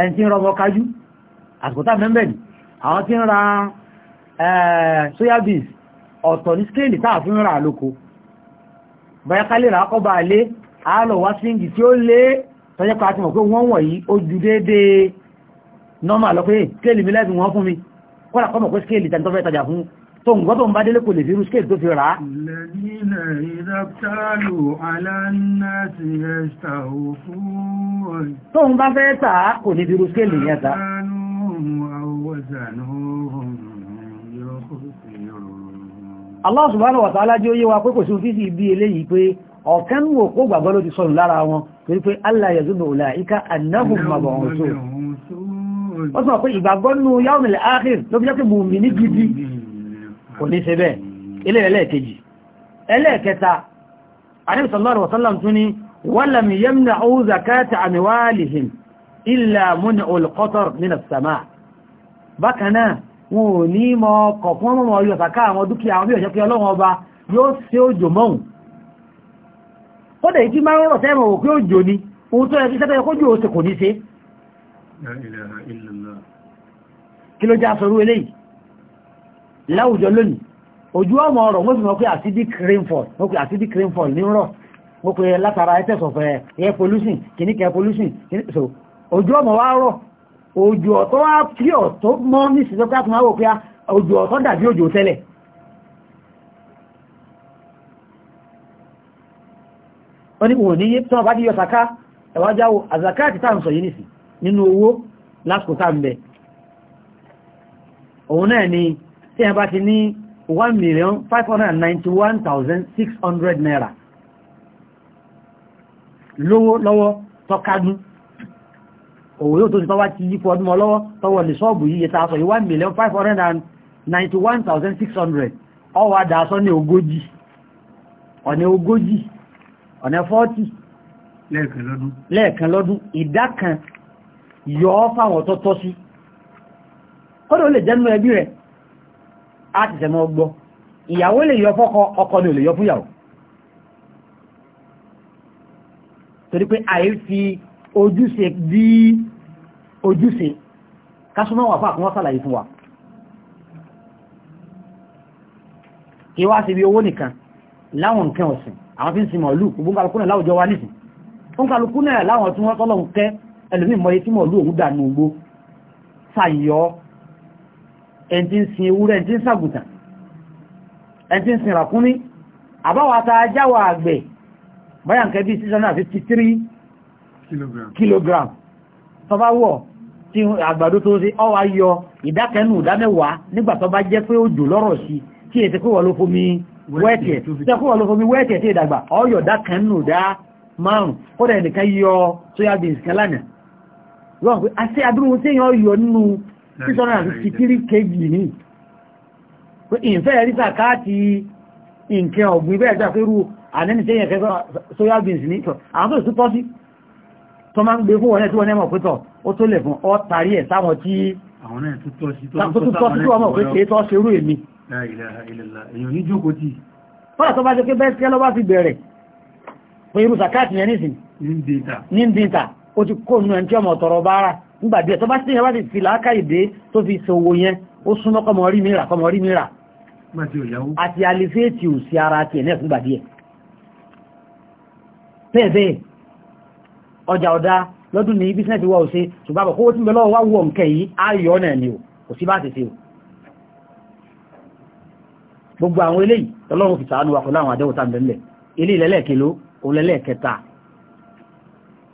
ẹni tí ń rọmọ kájú àsìkòtà mẹ́mbẹ̀ni àwọn tí ń ra soya beans ọ̀tọ̀ ní skéèlì táà fi ń ra àlòkò bayakálẹ̀ rà kọ́ bá lé àálọ̀ wá síngì tí ó lé tọ́jẹ́ pa àti mọ̀ pé wọ́n wọ̀nyí ó ju déédéé nọ́mà lọ pé skéèlì mi lẹ́sìn wọ́n fún mi kọ́ra kọ́mọ̀ pé scale ìtàn tó fẹ́ tajà fún tó ń gbọ́dọ̀ ń bá délé kò lè fi irú scale tó fi rà á. lẹ́yìnà ìdáptálù aláǹnàṣì ẹ̀ṣà òfú ọ̀yìn. tó ń bá fẹ́ tà kò ní fi irú scale yẹn Allah subhanahu wa ta'ala jẹ́ oyé wa pé kò sí òfíìsì ibi eléyìí pé ọ̀kan Allah yazunnu ulaika annahum mab'uthun ó sọ pé ìgbàgbọ́ nù yaumil akhir ló fi jẹ́ pé mùmí ní gidi kò ní ṣe bẹ́ẹ̀ ilé ẹlẹ́ẹ̀kejì ẹlẹ́ẹ̀kẹta Ànábì sallallahu alaihi wasallam tún ní walam yamna'u zakata amwalihim illa mun'u al-qatar min as-sama' bákan náà wọn ò ní mọ ọkọ̀ fún ọmọ ọmọ yọ sàká àwọn dúkìá kí ló já sọrú eléyìí láwùjọ lónìí ojú ọmọ ọ̀rọ̀ wọ́n fi mọ̀ pé acidic rainfall wọ́n pé acidic rainfall ní rọ̀ wọ́n pé látara excess of eh, air pollution kìníkẹ́ pollution so ojú ọmọ wá rọ̀ ojú ọ̀tọ́ wá kí ọ̀tọ́ mọ́ ní ìsìnkú àti máa wò pé ojú ọ̀tọ́ dàbí òjò tẹ́lẹ̀ wọ́n ní wọ́n ní yí tí nínú owó lásìkò tá ń bẹ òun náà ni tí ẹ bá ti ní 1 million 591,600 naira lówó lọ́wọ́ tọ́kádú òwò yóò tó ti tọ́wá ti yípo ọdún mọ́ lọ́wọ́ tọ́wọ́ lè sọ́ọ̀bù yíye ta sọ 1 million 591,600 ọwọ́ adásọ́ ní ogójì ọ̀nà ogójì ọ̀nà 40 lẹ́ẹ̀kan lọ́dún ìdá kan yọ ọ́ fáwọn tó tọ́ sí kọ́dọ̀ lè jẹ́nu ẹbí rẹ̀ á ti sẹ̀mọ́ ọgbọ́ ìyàwó lè yọ fọ́kọ ọkọ ni ò lè yọ fúyàwó torí pé àyè fi ojúṣe bí ojúṣe kásùmọ́ wà fún àkúnwọ́ sàlàyé fún wa kí wá sí bí owó nìkan láwọn nǹkan ọ̀sìn àwọn fi ń sin mọ̀lú gbogbo kálukú náà láwùjọ wa nìsìn ó ń náà láwọn tí wọ́n tọ́lọ̀ ń kẹ́ ẹlòmí mọ̀ etí mọ̀ ló òun dànù ogbó sàyọ́ ẹni tí ń sin ewúrẹ́ ẹni tí ń sàgùtàn ẹni tí ń sin ràkúnmí àbáwàta ajáwà àgbẹ̀ báyà bí 653 kilogram tó bá wọ̀ tí àgbàdo tó sí ọwà yọ ìdákẹ́nù ìdámẹ́wàá nígbà tó bá jẹ́ pé òjò lọ́rọ̀ sí tí èsì pé wọ́n ló fomi wẹ́ẹ̀tì tẹ́kùwọ̀ ló fomi wẹ́ẹ̀tì tí ìdàgbà ọyọ̀ dákẹ́nù dá márùn-ún kódà ẹnìkan yọ lọ́wọ́ pé àti àdúrún tí yàn yọ nínú 653 kg ní pé ìfẹ́ ríta káàkì nǹkan ọ̀gbìn bẹ́ẹ̀ gbà pẹ́rú ànẹ́ni tí yàn fẹ́ soya beans ní tọ̀ àwọn tó súpọ́ sí tó máa ń gbé fún wọlé tí wọ́n nẹ́mọ̀ pẹ́tọ̀ ó tó lè fún ọ tàrí ẹ̀ sáwọn tí àwọn náà tó tọ́ sí tó ọmọ pé kìí tọ́ ṣerú èmi èèyàn ní jókòó tí fọ́nà tó bá jẹ́ pé bẹ́ẹ̀ sí ẹlọ́wà fi bẹ̀rẹ̀ pé irú sàkáàtì yẹn nísìn ní ń dínta ó ti kó nù ẹni tí ọmọ ọ̀tọ̀rọ̀ bá rà nígbà díẹ̀ tó bá sí ẹwà ti fi làákà tó fi ṣòwò yẹn ó súnmọ́ kọmọ rí mìíràn kọmọ rí mìíràn àti àlefèétì ò sí ara náà fúngbà díẹ̀ bẹ́ẹ̀ ọjà lọ́dún ní ṣe ṣùgbọ́n tí yìí ayọ̀ náà ni ò sí bá ti ṣe o gbogbo àwọn eléyìí fi wa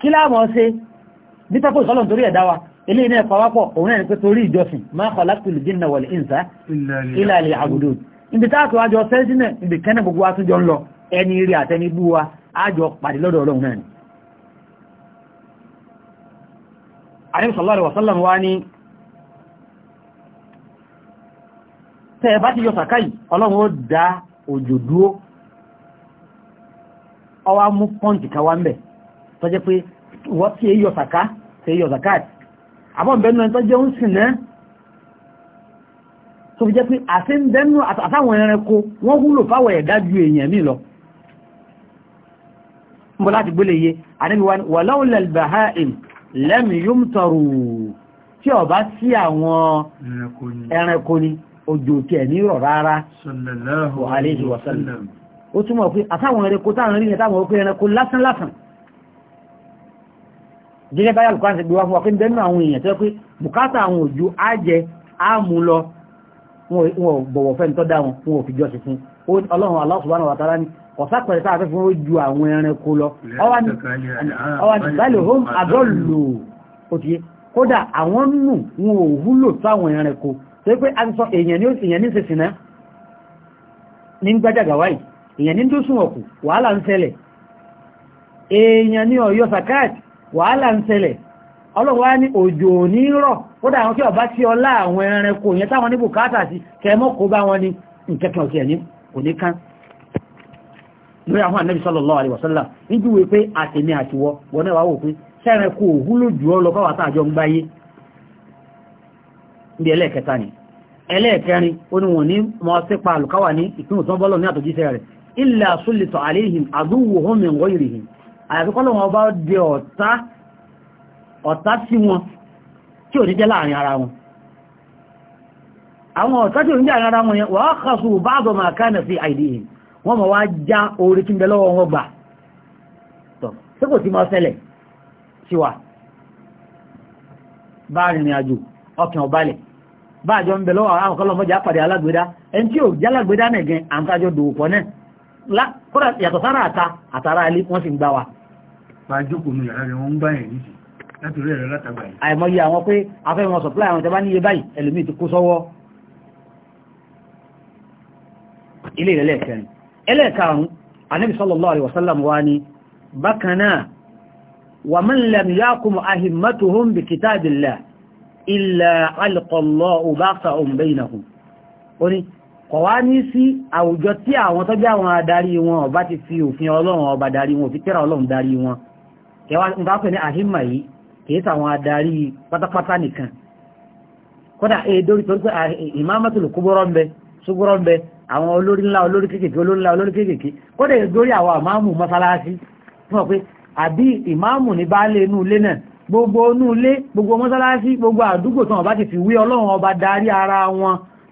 kí láàmọ́ ṣe ní pápó ìsọ́lọ̀ torí ẹ̀dá wa ilé iná ẹ̀pàwápọ̀ òun náà ni pé torí ìjọsìn máa kọ̀ látìlù jínà wọ̀lẹ̀ ìǹsá ìlàlẹ̀ àgùdù ibi táàkì wájọ sẹ́sínà ibi kẹ́nà gbogbo wa tún jọ ń lọ ẹni rí àtẹni bú wa ájọ pàdé lọ́dọ̀ ọlọ́run náà ni àrẹ́bí mú pọ́ǹtì ká ń bẹ̀ tó jẹ́ pé wọ́n tí èyí ọ̀sàká tí èyí ọ̀sàkáàt àbọ̀n bẹ́nu ẹni tó jẹ́ ń sìn náà tó fi jẹ́ pé àti ń bẹ́nu àtàwọn ẹranko wọ́n wúlò fáwọ̀ ẹ̀dá ju èèyàn mí lọ mbọ́ láti gbélé yé àdébíwọ́n wàláwùlẹ̀ bàháìm lẹ́mì yóò ni ojú òkè ní rọ̀ túnmọ̀ pé àtàwọn ẹranko táwọn rí ẹ̀tàwọn ẹranko lásán lásán gẹ́gẹ́ báyà lùkọ́ ti gbé wá fún wa pé bẹ́nu àwọn èèyàn tó pé bùkátà àwọn òjú ájẹ áàmù lọ wọn ò bọ̀wọ̀ fẹ́ tó dá wọn wọn ò fi fún ọlọ́run Allah subhanahu wa ta'ala ní ọ̀sá pẹ̀lú tá a fẹ́ fún ó ju àwọn ẹranko lọ ọwà ní báyìí home adọ́lù òtí kódà àwọn nù wọn ò wúlò tó àwọn ẹranko tó pé a ti sọ èèyàn ní èèyàn ní sèsìn náà ní gbajàgàwá yìí èèyàn ní tó sùn ọ̀kù wàhálà ń ṣẹlẹ̀ èèyàn ní ọ̀yọ́ sàkáàtì wàhálà ń ṣẹlẹ̀ ọlọ́wà ní òjò ní rọ̀ ó dà àwọn kí ọba tí ọlá àwọn ẹranko yẹn táwọn ní bùkátà sí kẹmọ́ kó bá wọn ni nkẹ́kẹ́ ọ̀kẹ́ ní kò ní lórí àwọn ànábì sallallahu alaihi ẹlẹ́ẹ̀kẹrin ó ní ní mọ́ ní ìpínlẹ̀ tó àyàfikọ́lọ̀ wọn bá dé ọ̀tá ọ̀tá sí wọn tí ò ní jẹ́ láàrin ara wọn àwọn ọ̀tá tí ò ní jẹ́ láàrin ara wọn yẹn wọ́n kàṣù báàbọ̀ máa káàmẹ̀ sí àìdíyìn wọ́n mọ̀ wá já orí tí ń bẹ lọ́wọ́ wọn gbà tọ̀ tí kò tí mọ́ ṣẹlẹ̀ sí wa bá kódà yàtọ̀ sára àta àtàrà ilé wọ́n sì ń gbá wa. bá a jókòó nu yàrá rẹ̀ wọ́n ń gbá yẹn níṣì láti orí ẹ̀rọ látàgbà yìí. àìmọye àwọn pé afẹ́ wọn supply àwọn ìjọba níye báyìí ẹlòmíì ti kó sọ́wọ́ ilé ìrẹ̀lẹ̀ kẹrin ẹlẹ́ẹ̀karùn-ún anábì wa man lam yakum ahimmatuhum bi kitabillah illa alqa Allahu ba'sahum bainahum ó kọ̀ wá ní sí àwùjọ tí àwọn tó jẹ́ àwọn adarí wọn ọba ti fi òfin ọlọ́run ọba darí wọn òfin tẹ́ra ọlọ́run darí wọn kẹwàá ń bá pè ní àhímà yìí kìí sàwọn adarí pátápátá nìkan kódà èdórí torí pé ìmáàmátòlù kúbọ́rọ́ ń bẹ ṣúgbọ́rọ́ ń bẹ àwọn olórí ńlá olórí kéékèèké olórí ńlá olórí kéékèèké kódà èdórí àwọn àmáàmù mọ́sálásí fún ọ pé àbí ìmáàmù ní baálé inú ilé náà gbogbo inú ilé gbogbo mọ́sálásí gbogbo àdúgbò tán ọba ti fi wí ọlọ́run ọba darí ara wọn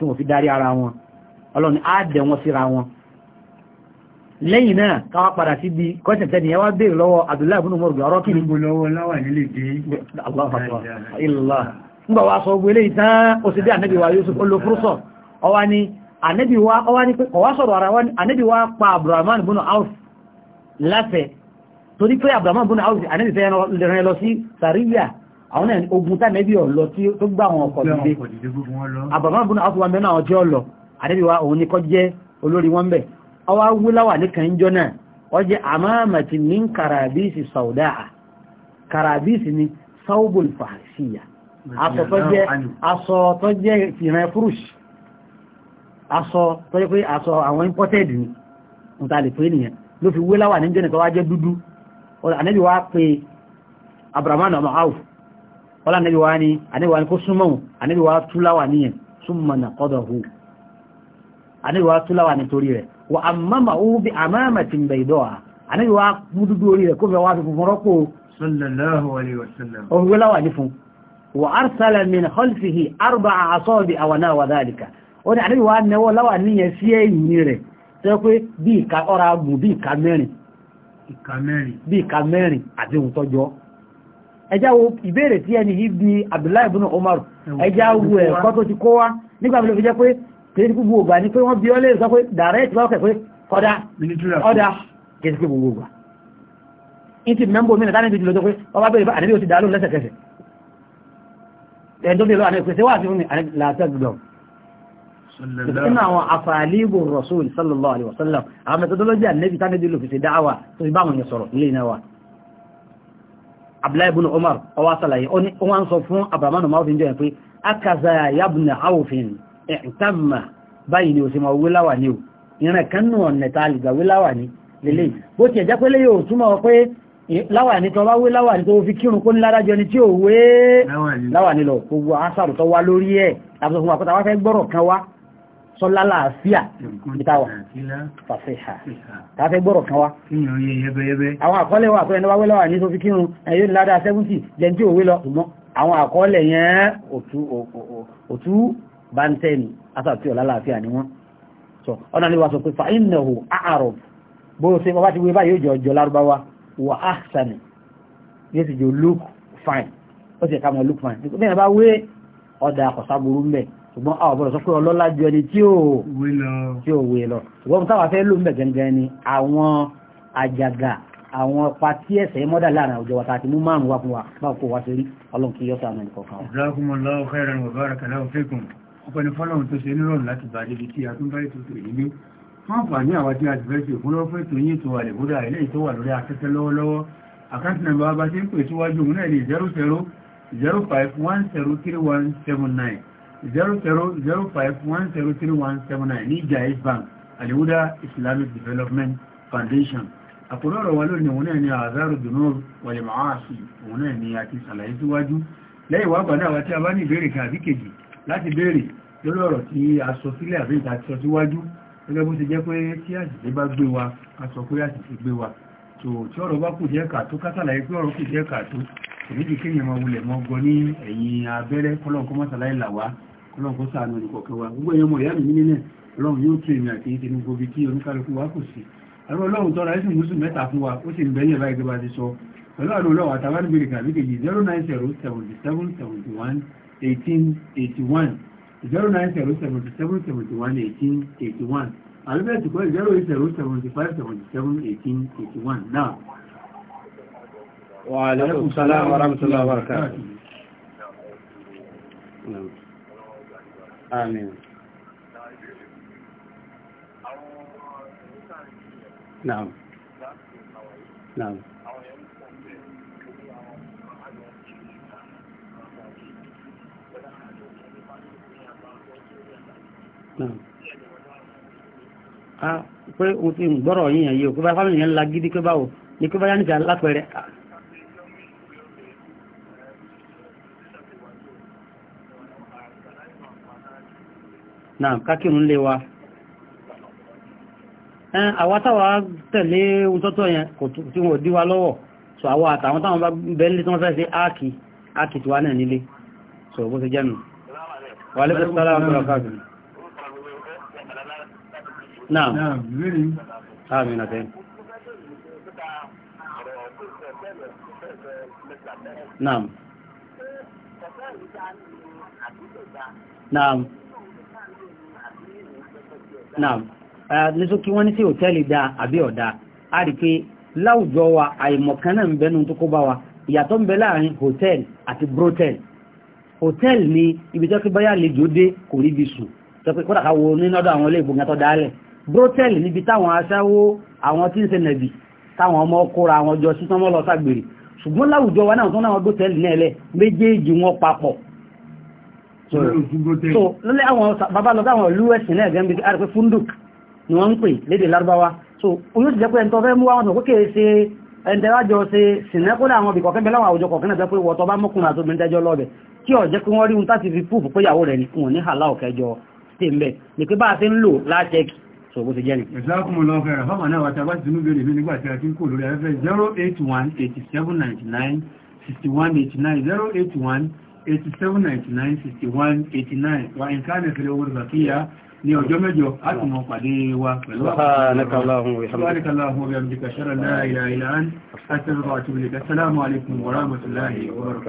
tí wọ́n fi darí ara wọn ọlọ́ni àádẹ́ wọn síra wọn lẹ́yìn náà káwà padà sí bí kọ́sẹ̀tẹ́ ni ẹwà bèèrè lọ́wọ́ Abdullahi ibn Umar ọ̀rọ̀ kí ni gbogbo lọ́wọ́ nílé dé ńgbà wa sọ gbélé ìtàn òsìdí ànẹ́bí wa Yusuf olófúrúsọ̀ ọwá ni ànẹ́bí wa ọwá ní pé kọ̀wá àwọn náà ogun tánẹ́bí ọ̀lọ tí ó gbá àwọn ọkọ̀ nílé àbàmà búnà áfúwà mẹ́rin àwọn jẹ́ ọ̀lọ àdébíwá òun ni kọ́ jẹ́ olórí wọn bẹ̀ ọwá wúláwà ní kànjọ náà wọ́n jẹ́ àmàmàtì ní kàràbíìsì sàúdáà kàràbíìsì ni saubul fàṣíyà aṣọ tó jẹ́ ìrìn fúrùṣ aṣọ tó jẹ́ pé aṣọ àwọn imported ni n ta lè pé nìyẹn ló fi wúláwà ní jẹ́ nìkan wá jẹ́ dúdú wọ́n lánàbí wá ní àníwá ní kó súnmọ́ àníbí wá túláwà ní yẹn súnmọ́ nà kọ́dọ̀ hù àníbí wá túláwà nítorí rẹ̀ wà àmàmà ó bí àmàmà ti ń bẹ̀ ìdọ́ à àníbí wá mú dúdú orí rẹ̀ kó fẹ́ wá fi funfun rọ́pò òwúláwà ní fún wà arsala min khalfihi arba asọ́ọ̀bì àwọnà ẹjá wo ìbéèrè tí ẹni yìí bí Abdullahi ibn Umar ẹjá wo ẹ̀kọ́ tó ti kó wá nígbà mílò fi jẹ́ pé kìí gbogbo ògbà ní pé wọ́n bí ọ lè sọ pé dàrẹ́ ìtìwá ọkẹ̀ pé kọ́dá ọ̀dá kìí sí gbogbo ògbà in ti mẹ́mbò mí nàtàlẹ́ ìbìjì lọ́jọ́ pé ọba bẹ̀rẹ̀ bá àdébí ó ti dà lóun lẹ́sẹ̀kẹsẹ̀ ẹ̀dọ́ bẹ̀rẹ̀ àwọn afàlíbù Rasul sallallahu alaihi àwọn methodology ànẹ́bí tánẹ́bí lò fi ṣe dáwà tó fi bá sọ̀rọ̀ ilé ìnáwà abdullahi ibn umar ọwá sàlàyé wọ́n sọ fún abdulrahman mawufin hmm. jẹ́ pé akaza yabna awufin ìtàmà báyìí ni òsìmọ̀ wíláwà ni o ìrìn kan nù ọ̀nà ta àlìgbà wíláwà ni lélẹ̀ bó ti ẹ̀jẹ́ pélé yóò túmọ̀ pé láwà ní tọ́ bá ni tí ò wé láwà ní lọ gbogbo asàrò tó wá lórí ẹ̀ àbúsọ̀ fún àkọ́ta wá sọ́lá láàáfíà ìtawà fàfíhà tàfẹ́ gbọ́rọ̀ kan wá àwọn àkọọ́lẹ̀ wà pé ẹnubá wẹ́lọ́wà ní sófí kírun ẹ̀yọ́ ìlàdà 70 jẹ́ tí ò wé lọ ṣùgbọ́n àwọn àkọọ́lẹ̀ yẹn òtú bá ń tẹ́ni asàtí ọ̀lá láàáfíà ni wọ́n sọ ọ̀nà ni wà sọ pé fa'innahu a'arab bó ṣe bá ti wé báyìí òjò ọjọ́ lárúbáwá wà áṣàní yóò sì jò look fine ó sì ká mọ̀ look fine nígbà bá wé ọ̀dà àkọ̀sáburú mẹ́ẹ̀ ṣùgbọ́n a ọ̀bọ̀rọ̀ sọ pé ọlọ́lá ju ẹni tí ò wé lọ ṣùgbọ́n táwa fẹ́ ló ń bẹ̀ gẹ́gẹ́ ni àwọn àjàgà àwọn pàtí ẹ̀sẹ̀ mọ́dà láàrin àwùjọ wa tàbí mú márùn wá fún wa bá kó wa ṣe rí ọlọ́run kí yọ́sà àmì kọ̀ọ̀kan wa. jazakumullahu khairan wa barakallahu fikum ọpẹ́ ni fọ́lọ́run tó ṣe nírọ̀rùn láti bá débi tí a tún bá ètò tó yìí gbé fún àǹfààní àwọn tí a ti fẹ́ ṣe ìfúnlọ́wọ́ fún ètò yìí tó wà lẹ́gbọ́dà eléyìí tó wà lórí afẹ́fẹ́ lọ́wọ́lọ́wọ́ àkáǹtì nàbà bá ṣe ń pè síwájú òun náà ní 00 05 005103179 ní Jaiz Bank Alihuda Islamic Development Foundation àkùrọ̀ ọ̀rọ̀ wa lónìí òun náà ni àzárò dùnú wàlẹ̀ màáṣì òun náà ni a ti sàlàyé síwájú lẹ́yìn wá gbọ́dọ̀ àwọn tí a bá ní ìbéèrè kan àbí kejì láti béèrè lórí ọ̀rọ̀ tí a sọ sílẹ̀ àbí ìta sọ síwájú gẹ́gẹ́ bó ti jẹ́ pé tí àṣìṣe bá gbé wa a sọ pé àṣìṣe gbé wa tó tí ọ̀rọ̀ bá kù jẹ́ kàtó kásàlàyé pé ọ̀rọ̀ kù jẹ́ kàtó kò ní jù kéèyàn máa wulẹ̀ mọ́ gbọ́ ní ẹ̀yìn abẹ́rẹ́ kọ́lọ́ọ̀kọ́ mọ́sàlá ìlà ọlọ́run kó sàánú ẹnì kọ̀ọ̀kan wa gbogbo ẹ̀yọ́ ọmọ ìyá mi nílẹ̀ ọlọ́run yóò tún èmi àti ìdí gbogbo ibi tí oníkálukú wa kò sí àrùn ọlọ́run tọ́ra ẹ̀sìn mùsùn mẹ́ta fún wa ó sì ń bẹ̀lẹ̀ báyìí gbẹ́bà ti sọ pẹ̀lú àrùn ọlọ́run àtàwọn ìbéèrè kàbí kejì zero nine zero seventy seven seventy one eighteen eighty one zero nine zero seventy seven seventy one eighteen eighty one àlùbẹ́ẹ̀tì kọ́ zero eight zero seventy five seventy seven eighteen eighty one now. وعليكم السلام ورحمة الله وبركاته Àmín. Naam. Naam. Naam. Ah, pé òun ti gbọ́rọ̀ yíyan yìí, kó bá fámìlì yẹn la gidi pé báwo, ní kó bá yá níjà lápẹẹrẹ. Ah. náà kákírùn lé wa ẹn àwátàwà tẹ̀lé ohun tọ́tọ̀ yẹn kò tí wọ́n dí wa lọ́wọ́ so àwọ àtàwọn táwọn bá bẹ́ẹ̀lẹ́ tí wọ́n fẹ́ sí áàkì áàkì tí wà náà nílé so bó ti jẹ́nu wà lẹ́kọ̀ọ́ sọ́lá àwọn ọ̀rọ̀ káàkiri náà náà ní sókí wọ́n ní sí hòtẹ́ẹ̀lì dáa àbí ọ̀dá a rí pé láwùjọ wa àìmọ̀kan ń bẹnu tó kó bá wa ìyàtọ̀ ń bẹ láàrin hòtẹ́ẹ̀lì àti brothel hòtẹ́ẹ̀lì ni ibi tó kí báyà lejò dé kò rí bí sùn tó pé kódà káwo ní lọ́dọ̀ àwọn ilé ìgbòǹgà tó dálẹ̀ brothel níbi táwọn aṣáwó àwọn tí ń ṣe nàbì táwọn ọmọ kóra àwọn jọ sí tán mọ́ lọ ságbèrè ṣùgbọ́n láwùjọ wa náà tó so lọ́lẹ́ àwọn bàbá lọ́gbà àwọn olú ẹ̀sìn náà gẹ́gẹ́ bí àrẹ́pẹ́ funduk ni wọ́n ń pè lédè lárúbáwá so oyún ti jẹ́ pé ẹntọ́ fẹ́ mú àwọn ọ̀sán kókè ṣe ẹntẹ́wájọ ṣe sìnẹ́kúnlẹ̀ àwọn ibì kọ̀ọ̀kan bẹ́láwọn àwùjọ kọ̀ọ̀kan náà pé wọ́tọ́ bá mọ́kùnrin àti obìnrin tẹ́jọ́ lọ́bẹ̀ kí ó jẹ́ pé wọ́n rí ohun táti fi púùpù pé ìyàwó rẹ̀ ní fún òní hàlá ọ̀kẹjọ tí ń bẹ̀ a ti ń lò láàjẹ́kì so bó ti jẹ́ ni. ìsáàkùnmọ̀lọ́ fẹ́ràn fáwọn náà wàtà bá ti nú bèrè mi nígbà tí a ti ń kò lórí afẹ́fẹ́ 081 87 99 61 89 081 87 99 61 89 wa in kana fil umur baqiya ní ọjọ́ mẹ́jọ láti mọ̀ pàdé wa pẹ̀lú àwọn ọmọ ìṣàlọ́wọ́